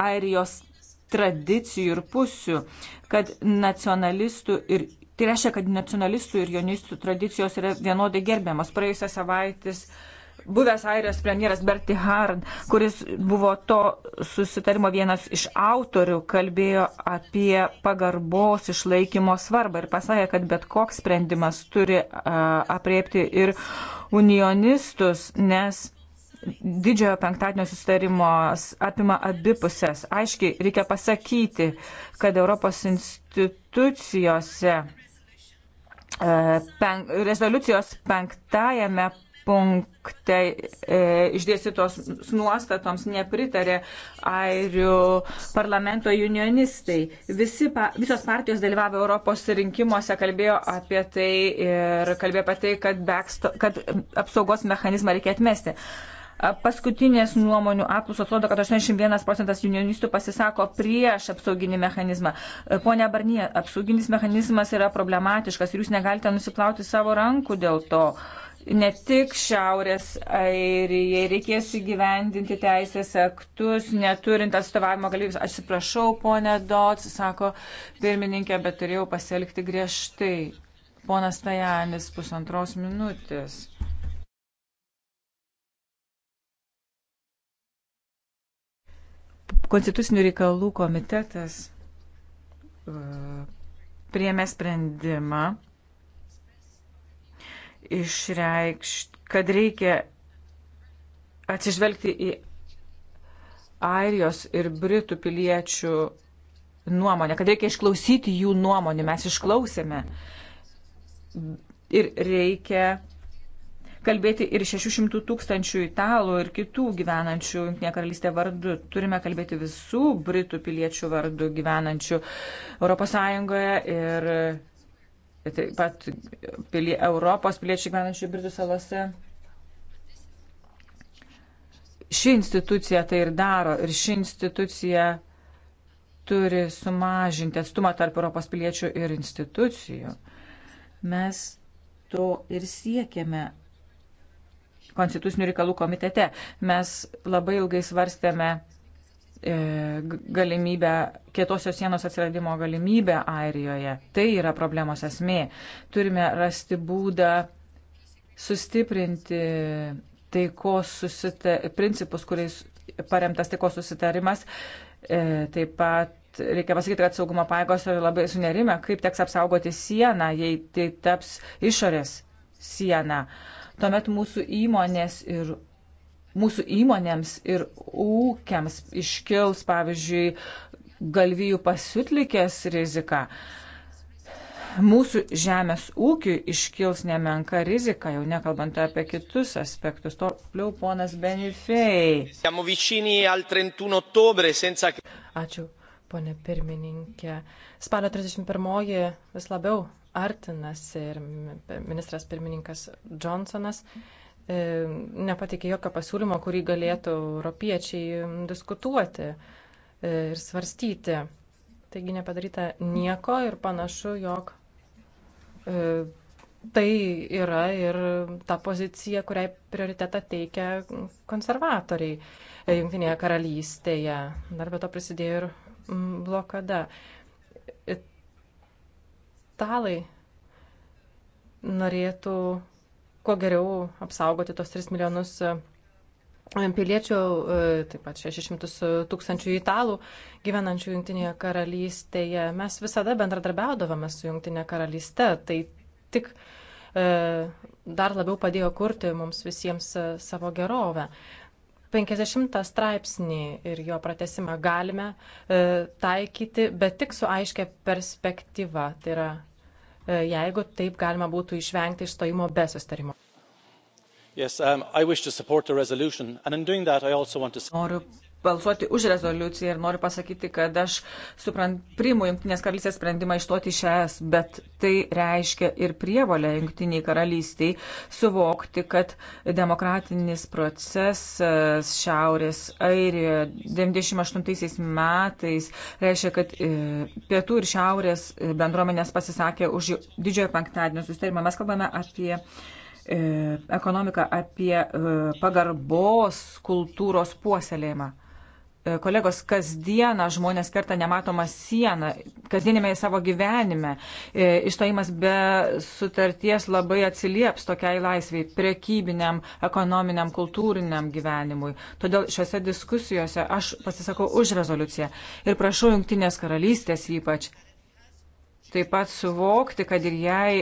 airijos tradicijų ir pusių, kad nacionalistų ir Tai reiškia, kad nacionalistų ir jonistų tradicijos yra vienodai gerbiamas. Praėjusią savaitę buvęs Airijos premjeras Berti Hard, kuris buvo to susitarimo vienas iš autorių, kalbėjo apie pagarbos išlaikymo svarbą ir pasakė, kad bet koks sprendimas turi apriepti ir unionistus, nes didžiojo penktadienio susitarimas apima abipusės. Aiškiai, reikia pasakyti, kad Europos institucijose e, pen, rezoliucijos penktajame punkte e, išdėstytos nuostatoms nepritarė airių parlamento unionistai. Visi, pa, visos partijos dalyvavo Europos rinkimuose, kalbėjo apie tai ir kalbėjo apie tai, kad, backsto, kad apsaugos mechanizmą reikia atmesti. Paskutinės nuomonių apklausos rodo, kad 81 procentas unionistų pasisako prieš apsauginį mechanizmą. E, Pone Barnie, apsauginis mechanizmas yra problematiškas ir jūs negalite nusiplauti savo rankų dėl to. Uh, ne tik Šiaurės Airijai, reikės įgyvendinti teisės aktus, neturint atstovavimo galimybės. Atsiprašau, ponė Dots, sako pirmininkė, bet turėjau pasielgti griežtai. Ponas Tajanis, pusantros minutės. Konstitucinių reikalų komitetas e, priėmė sprendimą išreikšti, kad reikia atsižvelgti į Airijos ir Britų piliečių nuomonę, kad reikia išklausyti jų nuomonę, mes išklausėme. Ir reikia kalbėti ir 600 tūkstančių italų ir kitų gyvenančių Junktinė karalystė vardu. Turime kalbėti visų Britų piliečių vardu gyvenančių ES ir taip pat pilie, Europos piliečių gyvenančių Britų salose. Ši institucija tai ir daro ir ši institucija turi sumažinti atstumą tarp Europos piliečių ir institucijų. Mes to ir siekiame konstitucinių reikalų komitete. Mes labai ilgai svarstėme E, galimybę, kietosios sienos atsiradimo galimybę Airijoje. Tai yra problemos esmė. Turime rasti būdą sustiprinti taikos susita, principus, kuriais paremtas taikos susitarimas. E, taip pat reikia pasakyti, kad saugumo paėgos yra labai sunerime, kaip teks apsaugoti sieną, jei tai taps išorės siena. Tuomet mūsų įmonės ir mūsų įmonėms ir ūkiams iškils, pavyzdžiui, galvijų pasiutlikės rizika. Mūsų žemės ūkiui iškils nemenka rizika, jau nekalbant apie kitus aspektus. Toliau ponas Benifei. Ačiū, ponė pirmininkė. Spalio 31-oji vis labiau artinasi ir ministras pirmininkas Johnsonas. Mm E, nepateikė jokio pasiūlymo, kurį galėtų europiečiai diskutuoti e, ir svarstyti. Taigi nepadaryta nieko ir panašu, jog e, tai yra ir ta pozicija, kuriai prioritetą teikia konservatoriai Junktinėje karalystėje. Dar be to prisidėjo ir blokada. Italai norėtų kuo geriau apsaugoti tos 3 milijonus e, piliečių, e, taip pat 600 e, tūkstančių italų gyvenančių Junktinėje karalystėje. Mes visada bendradarbiaudavome su Junktinė karalystė, tai tik dar labiau padėjo kurti mums visiems savo gerovę. 50 straipsnį ir jo pratesimą galime e, taikyti, bet tik su aiškia perspektyva. Tai yra E, jeigu taip galima būtų išvengti išstojimo be susitarimo. Yes, um, to... Noriu balsuoti už rezoliuciją ir noriu pasakyti, kad aš suprant, priimu Junktinės karalystės sprendimą išstoti iš ES, bet tai reiškia ir prievalę Junktiniai karalystiai suvokti, kad demokratinis procesas Šiaurės Airijoje 98 metais reiškia, kad e, pietų ir šiaurės e, bendruomenės pasisakė už didžiojo penktadienio susitarimą. Mes kalbame apie e, ekonomiką, apie pagarbos kultūros puoselėjimą. E, kolegos, kasdieną žmonės kerta nematomą sieną, kasdienime į savo gyvenime. E, išstojimas be sutarties labai atsilieps tokiai laisviai, prekybiniam, ekonominiam, kultūriniam gyvenimui. Todėl šiuose diskusijose aš pasisakau už rezoliuciją ir prašau Junktinės karalystės ypač taip pat suvokti, kad ir jai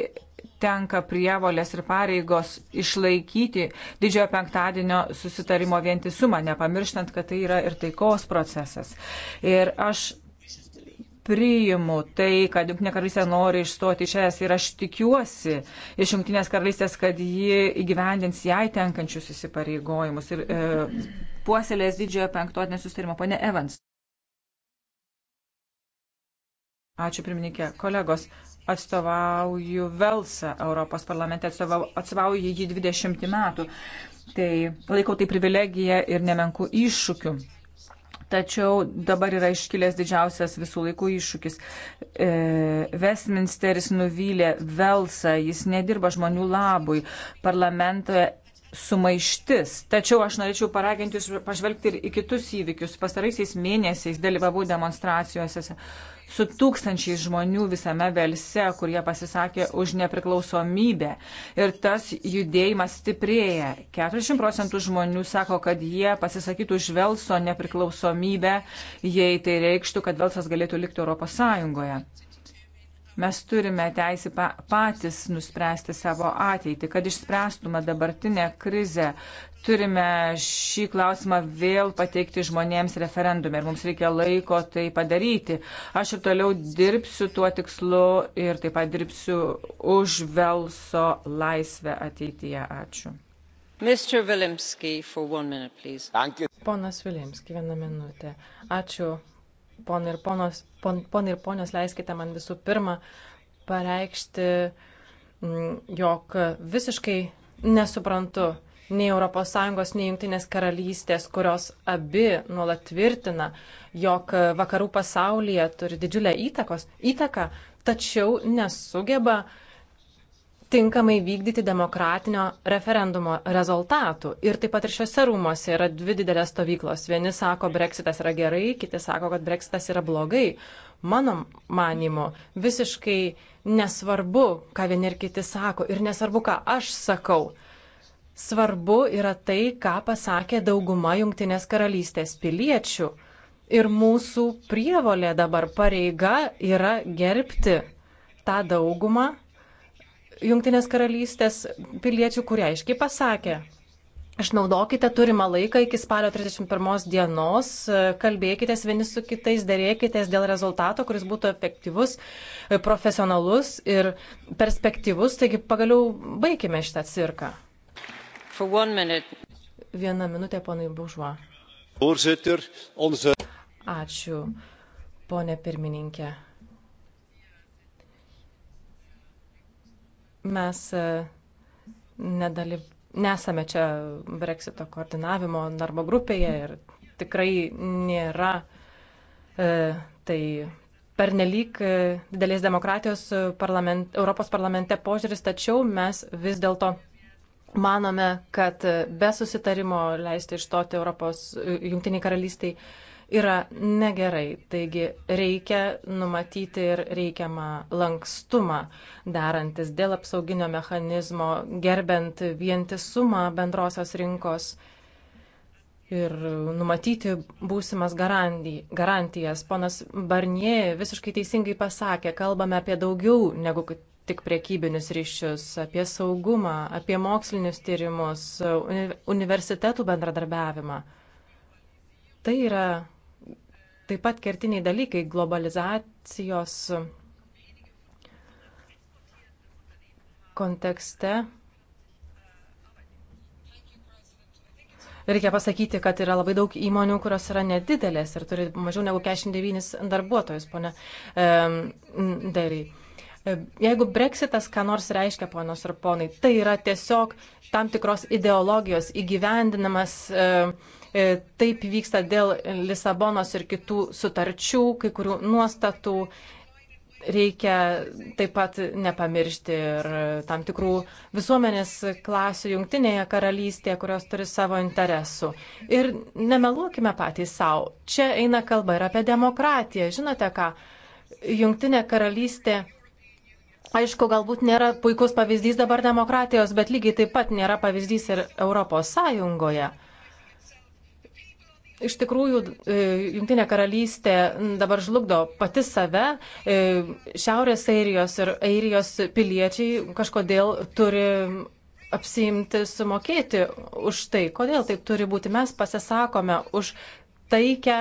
tenka prievolės ir pareigos išlaikyti didžiojo penktadienio susitarimo vientisumą, nepamirštant, kad tai yra ir taikos procesas. Ir aš priimu tai, kad Junktinė karalystė nori išstoti iš es ir aš tikiuosi iš Junktinės karalystės, kad ji įgyvendins jai tenkančius įsipareigojimus ir e, puoselės didžiojo penktadienio susitarimo. Pone Evans. Ačiū, pirmininkė. Kolegos, atstovauju Velsą Europos parlamente, atstovauju jį 20 metų. Tai laikau tai privilegiją ir nemenku iššūkiu. Tačiau dabar yra iškilęs didžiausias visų laikų iššūkis. E, Westminsteris nuvylė Velsą, jis nedirba žmonių labui. Parlamentoje sumaištis. Tačiau aš norėčiau paraginti jūs pažvelgti ir į kitus įvykius. Pastaraisiais mėnesiais dalyvavau demonstracijose su tūkstančiais žmonių visame Velse, kurie pasisakė už nepriklausomybę. Ir tas judėjimas stiprėja. 40 procentų žmonių sako, kad jie pasisakytų už Velso nepriklausomybę, jei tai reikštų, kad Velsas galėtų likti Europos Sąjungoje. Mes turime teisę patys nuspręsti savo ateitį, kad išspręstume dabartinę krizę. Turime šį klausimą vėl pateikti žmonėms referendume ir mums reikia laiko tai padaryti. Aš ir toliau dirbsiu tuo tikslu ir taip pat dirbsiu už Velso laisvę ateityje. Ačiū. Vilimski, minute, Ponas Vilimski, vieną minutę. Ačiū ponai ir, ponos, pon, ponai ir ponios, leiskite man visų pirma pareikšti, mm, jog visiškai nesuprantu nei ES, nei Junktinės karalystės, kurios abi nuolat tvirtina, jog vakarų pasaulyje turi didžiulę įtakos, įtaką, tačiau nesugeba uh, tinkamai vykdyti demokratinio referendumo rezultatų. Ir taip pat ir šiuose rūmose yra dvi didelės stovyklos. Vieni sako, breksitas yra gerai, kiti sako, kad breksitas yra blogai. Mano manimu, visiškai nesvarbu, ką vieni ir kiti sako ir nesvarbu, ką aš sakau. Svarbu yra tai, ką pasakė dauguma Junktinės karalystės piliečių. Ir mūsų prievolė dabar pareiga yra gerbti tą daugumą Junktinės karalystės piliečių, kurie aiškiai pasakė, Išnaudokite turimą laiką iki spalio 31 dienos, kalbėkite vieni su kitais, dėrėkite dėl rezultato, kuris būtų efektyvus, profesionalus ir perspektyvus. Taigi pagaliau baigime šitą cirką. Viena minutė, ponai Bužva. Ačiū, ponė pirmininkė. Mes e, nedalyv... nesame čia Brexito koordinavimo darbo grupėje ir tikrai nėra e, tai pernelyg e, didelės demokratijos parlament, Europos parlamente požiūris, tačiau mes vis dėlto manome, kad e, be susitarimo leisti išstoti Europos jungtiniai karalystiai yra negerai. Taigi reikia numatyti ir reikiamą lankstumą darantis dėl apsauginio mechanizmo, gerbent vientisumą bendrosios rinkos ir numatyti būsimas garantijas. Ponas Barnie visiškai teisingai pasakė, kalbame apie daugiau negu tik priekybinius ryšius, apie saugumą, apie mokslinius tyrimus, universitetų bendradarbiavimą. Tai yra Taip pat kertiniai dalykai globalizacijos kontekste. Reikia pasakyti, kad yra labai daug įmonių, kurios yra nedidelės ir turi mažiau negu 49 darbuotojus, ponė e, Dery. Jeigu breksitas, ką nors reiškia, ponios ir ponai, tai yra tiesiog tam tikros ideologijos įgyvendinamas. E, E, taip vyksta dėl Lisabonos ir kitų sutarčių, kai kurių nuostatų. Reikia taip pat nepamiršti ir tam tikrų visuomenės klasių jungtinėje karalystėje, kurios turi savo interesų. Ir nemeluokime patys savo. Čia eina kalba ir apie demokratiją. Žinote ką? Jungtinė karalystė Aišku, galbūt nėra puikus pavyzdys dabar demokratijos, bet lygiai taip pat nėra pavyzdys ir Europos Sąjungoje iš tikrųjų e, Junktinė karalystė dabar žlugdo pati save, e, Šiaurės Airijos ir Airijos piliečiai kažkodėl turi apsiimti sumokėti už tai. Kodėl taip turi būti? Mes pasisakome už taikę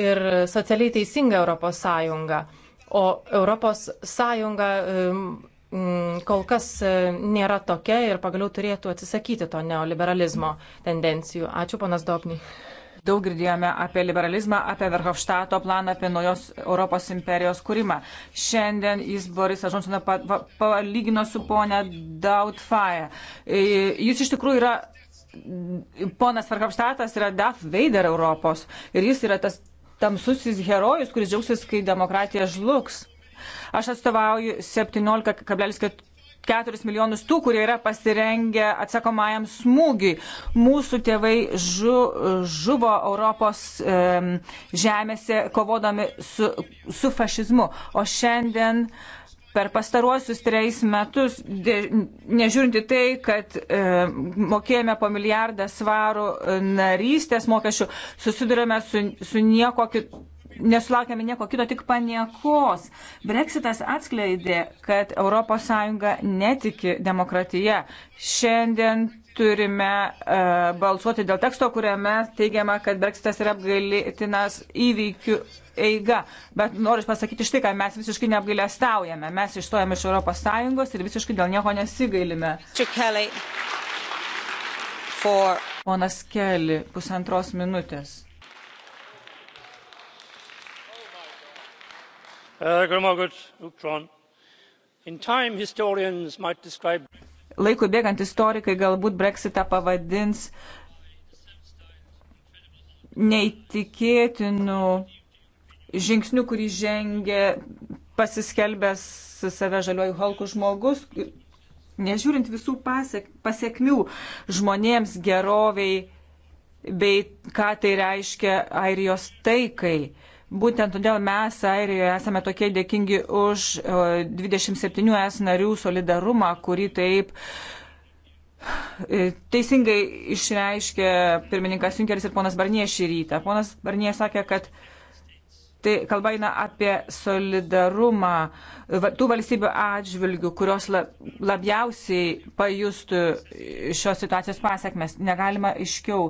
ir socialiai teisingą Europos Sąjungą. O Europos Sąjunga e, kol kas nėra tokia ir pagaliau turėtų atsisakyti to neoliberalizmo tendencijų. Ačiū, panas Dobny. Daug girdėjome apie liberalizmą, apie Verhofštato planą, apie naujos Europos imperijos kūrimą. Šiandien jis Borisą Džonsoną palygino su ponia Doubtfire. E, jis iš tikrųjų yra. Ponas Verhofštatas yra Daf Veider Europos ir jis yra tas tamsusis herojus, kuris džiaugsis, kai demokratija žlugs. Aš atstovauju 17,4 4 milijonus tų, kurie yra pasirengę atsakomajam smūgiui. Mūsų tėvai žu, žuvo Europos e, žemėse kovodami su, su fašizmu. O šiandien per pastaruosius trejus metus, de, nežiūrinti tai, kad e, mokėjome po milijardą svarų narystės mokesčių, susidurėme su, su nieko kitu nesulaukėme nieko kito, tik paniekos. Brexitas atskleidė, kad ES netiki demokratija. Šiandien turime uh, balsuoti dėl teksto, kuriame teigiama, kad Brexitas yra apgailėtinas įvykių eiga. Bet noriu pasakyti štai, kad mes visiškai neapgailę staujame. Mes išstojame iš ES ir visiškai dėl nieko nesigailime. Kelly, for... Ponas Keli, pusantros minutės. Uh, Laikui bėgant istorikai galbūt breksitą pavadins neįtikėtinų žingsnių, kurį žengė pasiskelbęs save žaliojų holkų žmogus, nežiūrint visų pasiek, pasiekmių žmonėms geroviai bei ką tai reiškia airijos taikai. Būtent todėl mes Airijoje esame tokie dėkingi už 27 e, es narių solidarumą, kurį taip e, teisingai išreiškė pirmininkas Junkeris ir ponas Barnie šį rytą. Ponas Barnie sakė, kad Tai kalba eina apie solidarumą tų valstybių atžvilgių, kurios labiausiai pajustų šios situacijos pasiekmes. Negalima iškiau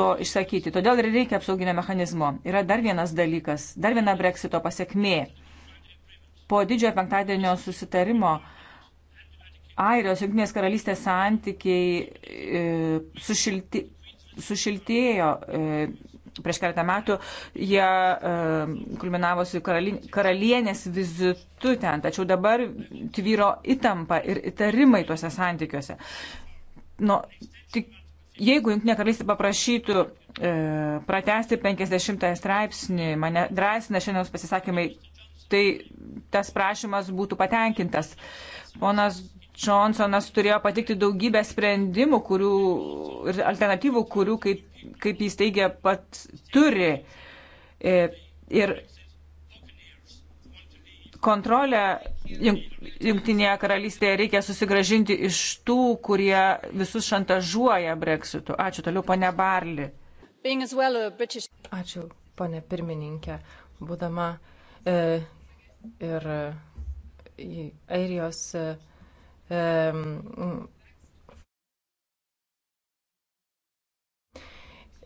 to išsakyti. Todėl ir reikia apsauginio mechanizmo. Yra dar vienas dalykas, dar viena breksito pasiekmė. Po didžiojo penktadienio susitarimo Airijos jungtinės karalystės santykiai e, sušilti, sušiltėjo. E, prieš keletą metų jie uh, kulminavosi karalienės vizitu ten, tačiau dabar tvyro įtampa ir įtarimai tuose santykiuose. Nu, tik, jeigu Junktinė karalystė paprašytų e, uh, pratesti 50 straipsnį, mane drąsina šiandienos pasisakymai, tai tas prašymas būtų patenkintas. Ponas Johnsonas turėjo patikti daugybę sprendimų kurių, ir alternatyvų, kurių, kaip, kaip jis teigia, pat turi. E, ir kontrolę Junktinėje karalystėje reikia susigražinti iš tų, kurie visus šantažuoja breksitu. Ačiū toliau, pane Barli. Ačiū, pane pirmininkė. Būdama e, ir e, Airijos. E, Ehm,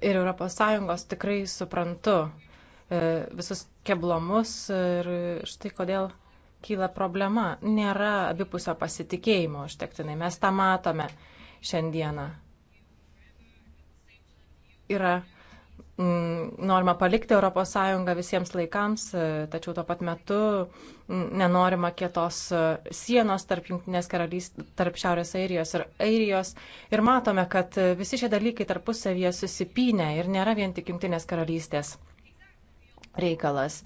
ir ES tikrai suprantu e, visus keblomus ir štai kodėl kyla problema. Nėra abipusio pasitikėjimo užtektinai. Mes tą matome šiandieną. Yra Mm, norima palikti ES visiems laikams, e, tačiau tuo pat metu mm, nenorima kietos e, sienos tarp Junktinės karalystės, tarp Šiaurės Airijos ir Airijos. Ir matome, kad e, visi šie dalykai tarpusavyje susipinę ir nėra vien tik Junktinės karalystės reikalas.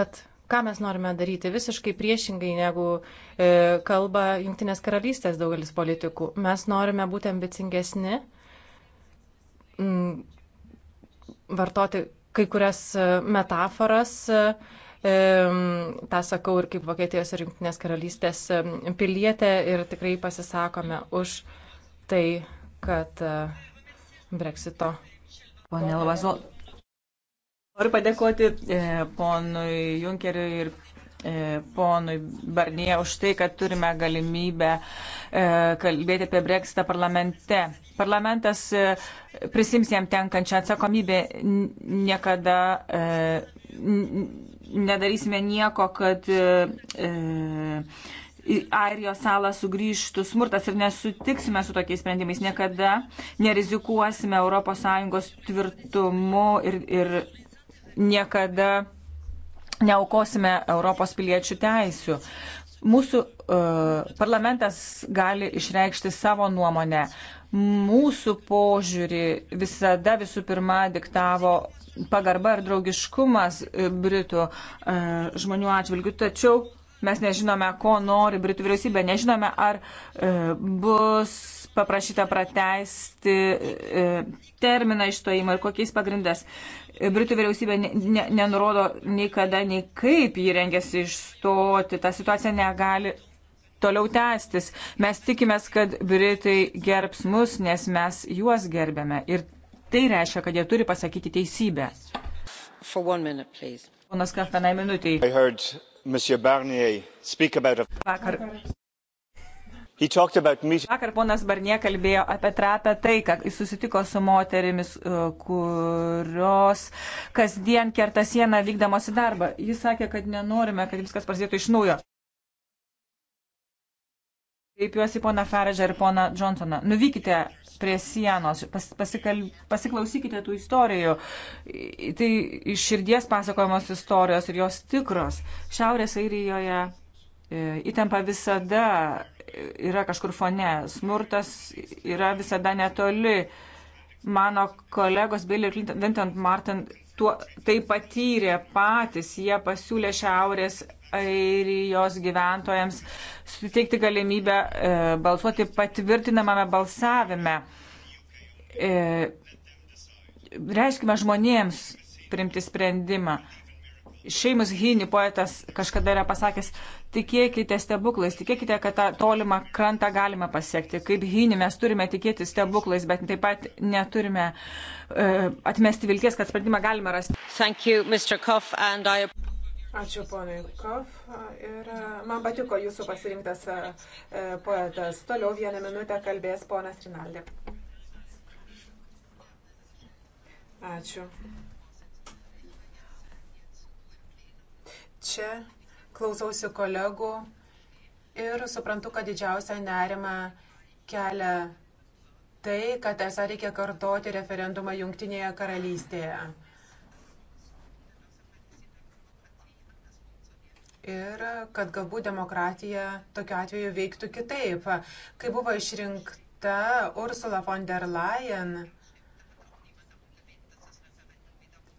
Tad ką mes norime daryti visiškai priešingai, negu e, kalba Junktinės karalystės daugelis politikų. Mes norime būti ambicingesni, mm, vartoti kai kurias e, metaforas. E, e, Ta sakau ir kaip Vokietijos ir Junktinės karalystės pilietė ir tikrai pasisakome už tai, kad breksito. Pone Lavazol. Noriu padėkoti ponui Junkeriui ir E, ponui Barnie už tai, kad turime galimybę e, kalbėti apie breksitą parlamente. Parlamentas e, prisims jam tenkančią atsakomybę niekada. Nedarysime nieko, kad į Airijos salą sugrįžtų smurtas ir nesutiksime su tokiais sprendimais. Niekada nerizikuosime ES tvirtumu ir, ir niekada neaukosime Europos piliečių teisių. Mūsų uh, parlamentas gali išreikšti savo nuomonę. Mūsų požiūrį visada visų pirma diktavo pagarba ir draugiškumas e, Britų uh, žmonių atžvilgių, tačiau Mes nežinome, ko nori Britų vyriausybė, nežinome, ar e, bus paprašyta prateisti e, terminą išstojimą ir kokiais pagrindas. Britų vyriausybė ne, ne, nenurodo nei kada, nei kaip jį rengėsi išstoti. Ta situacija negali toliau tęstis. Mes tikimės, kad Britai gerbs mus, nes mes juos gerbėme. Ir tai reiškia, kad jie turi pasakyti teisybę. Ponas Kafenai minutiai. About... Vakar. Vakar ponas Barnie kalbėjo apie trapę tai, kad jis susitiko su moterimis, e, kurios kasdien kerta sieną vykdamos į darbą. Jis sakė, kad nenorime, kad viskas prasidėtų iš naujo. Kreipiuosi poną Faradžą ir poną Johnsoną. Nuvykite prie sienos. Pas, pasikal, pasiklausykite tų istorijų. Tai iš širdies pasakojamos istorijos ir jos tikros. Šiaurės Airijoje e, įtampa visada yra kažkur fone, smurtas yra visada netoli. Mano kolegos Billy Clinton Martin tuo, tai patyrė patys, jie pasiūlė Šiaurės airijos gyventojams suteikti galimybę e, balsuoti patvirtinamame balsavime. E, reiškime žmonėms primti sprendimą. Šeimas Hyni poetas kažkada yra pasakęs, tikėkite stebuklais, tikėkite, kad tą tolimą krantą galima pasiekti. Kaip Hyni mes turime tikėti stebuklais, bet taip pat neturime uh, atmesti vilties, kad sprendimą galime rasti. Thank you, Mr. Koff, and I... Ačiū ponui Kov ir e, man patiko jūsų pasirinktas e, e, poetas. Toliau vieną minutę kalbės ponas Rinaldė. Ačiū. Čia klausausi kolegų ir suprantu, kad didžiausia nerima kelia tai, kad esą reikia kartoti referendumą Junktinėje karalystėje. ir kad galbūt demokratija tokiu atveju veiktų kitaip. Kai buvo išrinkta Ursula von der Leyen,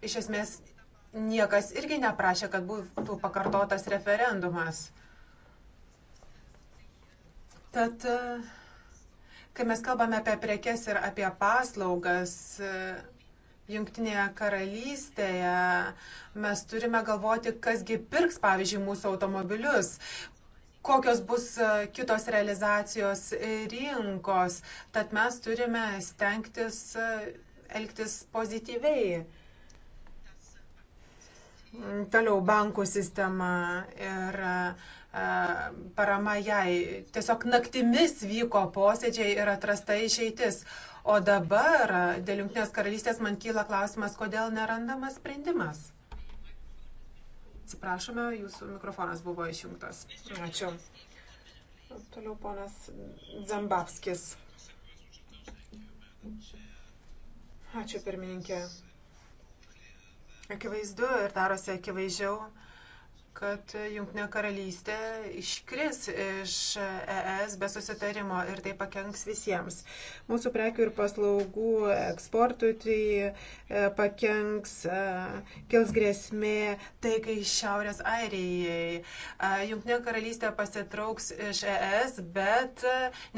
iš esmės niekas irgi neprašė, kad būtų pakartotas referendumas. Tad, kai mes kalbame apie prekes ir apie paslaugas, Junktinėje karalystėje mes turime galvoti, kasgi pirks, pavyzdžiui, mūsų automobilius, kokios bus e, kitos realizacijos rinkos. Tad mes turime stengtis e, elgtis pozityviai. Toliau bankų sistema ir e, parama jai. Tiesiog naktimis vyko posėdžiai ir atrasta išeitis. O dabar dėl Junktinės karalystės man kyla klausimas, kodėl nerandamas sprendimas. Atsiprašome, jūsų mikrofonas buvo išjungtas. Ačiū. Toliau ponas Zambavskis. Ačiū pirmininkė. Akivaizdu ir darosi akivaizdžiau, kad Junktinė karalystė iškris iš ES be susitarimo ir tai pakenks visiems. Mūsų prekių ir paslaugų eksportui tai e, pakenks, e, kils grėsmė taikai Šiaurės Airijai. E, Junktinė karalystė pasitrauks iš ES, bet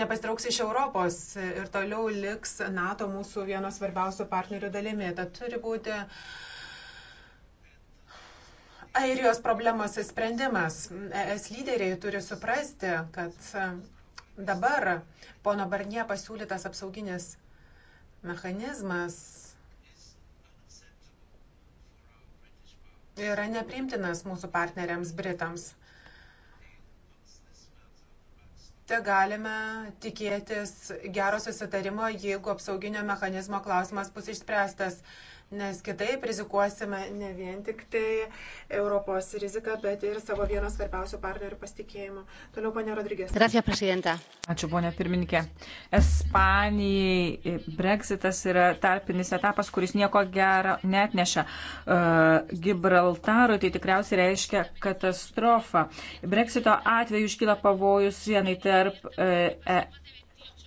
nepasitrauks iš Europos ir toliau liks NATO mūsų vieno svarbiausių partnerių dalimi. Tad turi būti uh, Airijos problemos sprendimas. ES lyderiai turi suprasti, kad e, dabar pono Barnie pasiūlytas apsauginis mechanizmas yra nepriimtinas mūsų partneriams Britams. Te galime tikėtis gero susitarimo, jeigu apsauginio mechanizmo klausimas bus išspręstas. Uh, nes kitaip rizikuosime ne vien tik tai Europos riziką, bet ir savo vienos svarbiausių partnerių pasitikėjimą. Toliau, ponė Rodrygės. Gracias, prezidenta. Ačiū, ponė pirmininkė. Ispanijai Brexitas yra tarpinis etapas, kuris nieko gero net neša. Uh, e, Gibraltarui tai tikriausiai reiškia katastrofą. Brexito atveju iškyla pavojus sienai tarp. Uh, e,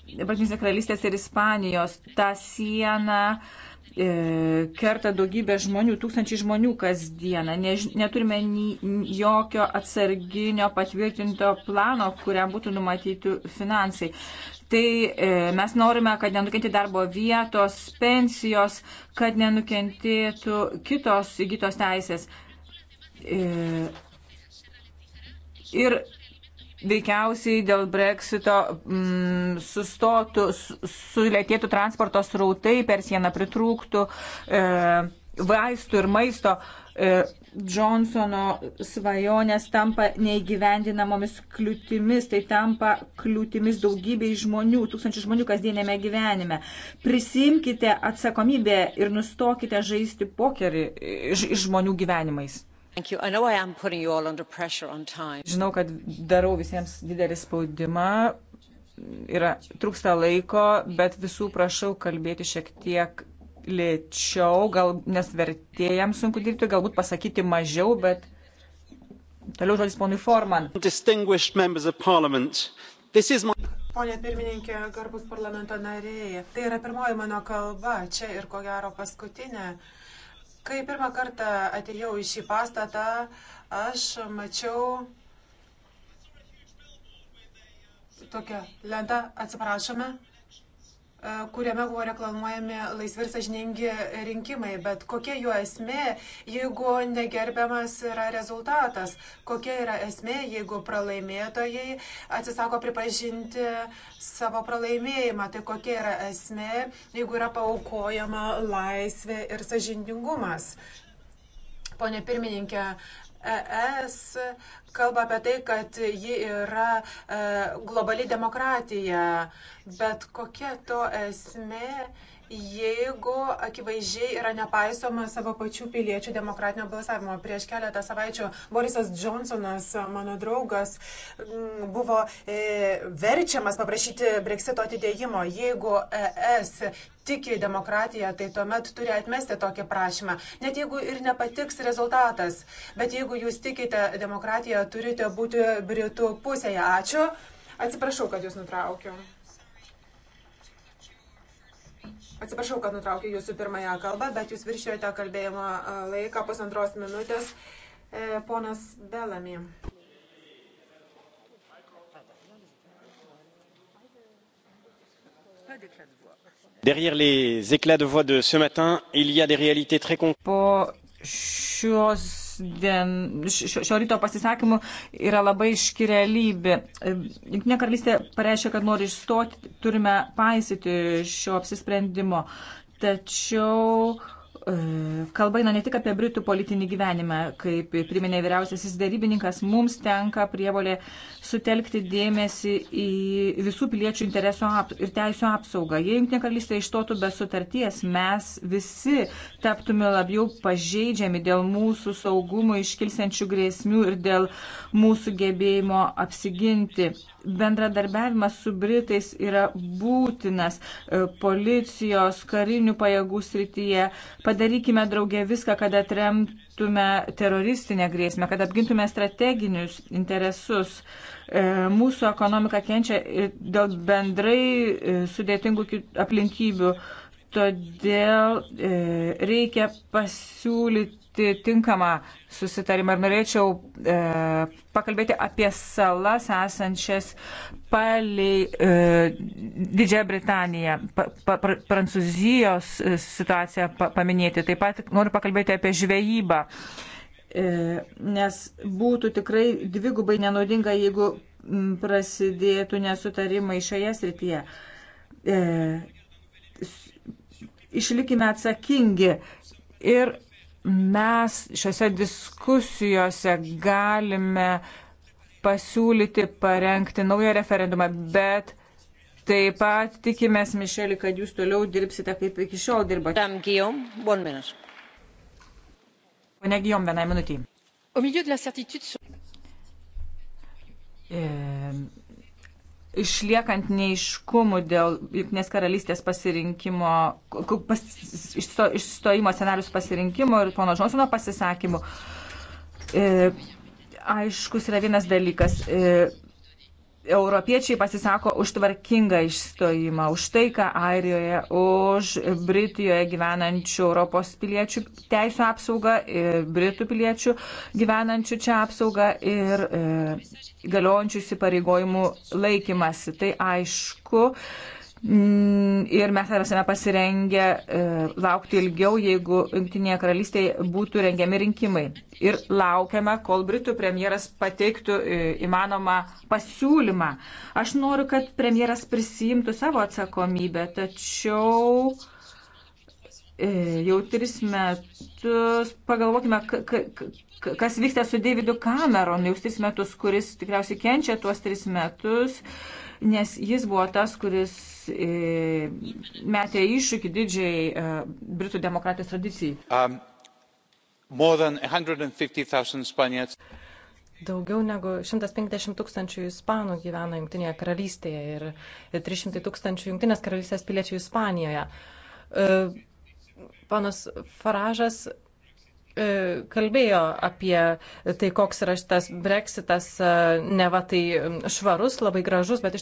Jungtinės karalystės ir Ispanijos. Ta siena E, kerta daugybė žmonių, tūkstančiai žmonių kasdieną. Ne, neturime jokio atsarginio patvirtinto plano, kuriam būtų numatyti finansai. Tai e, mes norime, kad nenukentėtų darbo vietos, pensijos, kad nenukentėtų kitos įgytos teisės. E, ir veikiausiai dėl breksito mm, sustotų, sulėtėtų transporto srautai, per sieną pritrūktų e, vaistų ir maisto. E, Johnsono svajonės tampa neįgyvendinamomis kliūtimis, tai tampa kliūtimis daugybei žmonių, tūkstančių žmonių kasdienėme gyvenime. Prisimkite atsakomybę ir nustokite žaisti pokerį žmonių gyvenimais. Žinau, kad darau visiems didelį spaudimą, yra, trūksta laiko, bet visų prašau kalbėti šiek tiek lėčiau, gal, nes vertėjams sunku dirbti, galbūt pasakyti mažiau, bet toliau žodis ponui Forman. Pone pirmininkė, garbus parlamento nariai, tai yra pirmoji mano kalba, čia ir ko gero paskutinė. Uh, Kai pirmą kartą atėjau į šį pastatą, aš mačiau tokią lentą, atsiprašome, E, kuriame buvo reklamuojami laisvi ir sažiningi rinkimai, bet kokia jo esmė, jeigu negerbiamas yra rezultatas, kokia yra esmė, jeigu pralaimėtojai atsisako pripažinti savo pralaimėjimą, tai kokia yra esmė, jeigu yra paukojama laisvė ir sažiningumas. Pone pirmininkė, ES kalba apie tai, kad ji yra e, globali demokratija, bet kokia to esmė jeigu akivaizdžiai yra nepaisoma savo pačių piliečių demokratinio balsavimo. Prieš keletą savaičių Borisas Johnsonas, mano draugas, mm, buvo e, verčiamas paprašyti breksito atidėjimo. Jeigu ES tiki demokratiją, tai tuomet turi atmesti tokį prašymą. Net jeigu ir nepatiks rezultatas. Bet jeigu jūs tikite demokratiją, turite būti Britų pusėje. Ačiū. Atsiprašau, kad jūs nutraukiau. Atsiprašau, kad nutraukiu jūsų pirmąją kalbą, bet jūs viršijote kalbėjimo e, laiką pusantros minutės. E, ponas Belami. Derrière les éclats de voix de ce matin, il y a des réalités très concrètes. Po šios dien, šio, šio ryto pasisakymų yra labai iški realybė. Junktinė karalystė pareiškia, kad nori išstoti, turime paisyti šio apsisprendimo. Tačiau E, kalba eina ne tik apie Britų politinį gyvenimą, kaip priminė vyriausiasis darybininkas, mums tenka prievolė sutelkti dėmesį į visų piliečių interesų ir teisų apsaugą. Jei Junktinė karalystė išstotų be sutarties, mes visi taptume labiau pažeidžiami dėl mūsų saugumo iškilsiančių grėsmių ir dėl mūsų gebėjimo apsiginti. Bendradarbiavimas su Britais yra būtinas e, policijos, karinių pajėgų srityje Padarykime draugė viską, kad atremtume teroristinę grėsmę, kad apgintume strateginius interesus. E, mūsų ekonomika kenčia dėl bendrai e, sudėtingų aplinkybių. Todėl e, reikia pasiūlyti rasti tinkamą susitarimą ir norėčiau e, pakalbėti apie salas esančias palei e, Didžiąją Britaniją, pa, pa, Prancūzijos e, situaciją pa, paminėti. Taip pat noriu pakalbėti apie žvejybą, e, nes būtų tikrai dvigubai nenaudinga, jeigu m, prasidėtų nesutarimai šioje srityje. E, išlikime atsakingi ir mes šiuose diskusijose galime pasiūlyti parengti naują referendumą, bet taip pat tikimės, Mišeli, kad jūs toliau dirbsite, kaip iki šiol dirbate. Pone Gijom, vienai minutį. E išliekant neiškumų dėl Junktinės karalystės pasirinkimo, pas, išsto, išstojimo scenarius pasirinkimo ir pono Žonsono pasisakymų, e, aiškus yra vienas dalykas. E, europiečiai pasisako už tvarkingą išstojimą, už tai, ką Airijoje, už Britijoje gyvenančių Europos piliečių teisų apsaugą, e, Britų piliečių gyvenančių čia apsaugą ir e, galiojančių įsipareigojimų laikymasi. Tai aišku, e, Mm, ir mes esame pasirengę e, laukti ilgiau, jeigu Junktinėje karalystėje būtų rengiami rinkimai. Ir laukiame, kol Britų premjeras pateiktų e, įmanomą pasiūlymą. Aš noriu, kad premjeras prisijimtų savo atsakomybę, tačiau e, jau tris metus, pagalvokime, kas vyksta su Davidu Cameronu, jau tris metus, kuris tikriausiai kenčia tuos tris metus nes jis buvo tas, kuris e, metė iššūkį didžiai e, Britų demokratijos tradicijai. Um, 150, Daugiau negu 150 tūkstančių ispanų gyvena Junktinėje karalystėje ir 300 tūkstančių Junktinės karalystės piliečių Ispanijoje. E, panas Faražas e, kalbėjo apie tai, koks yra šitas breksitas, e, ne va tai švarus, labai gražus, bet iš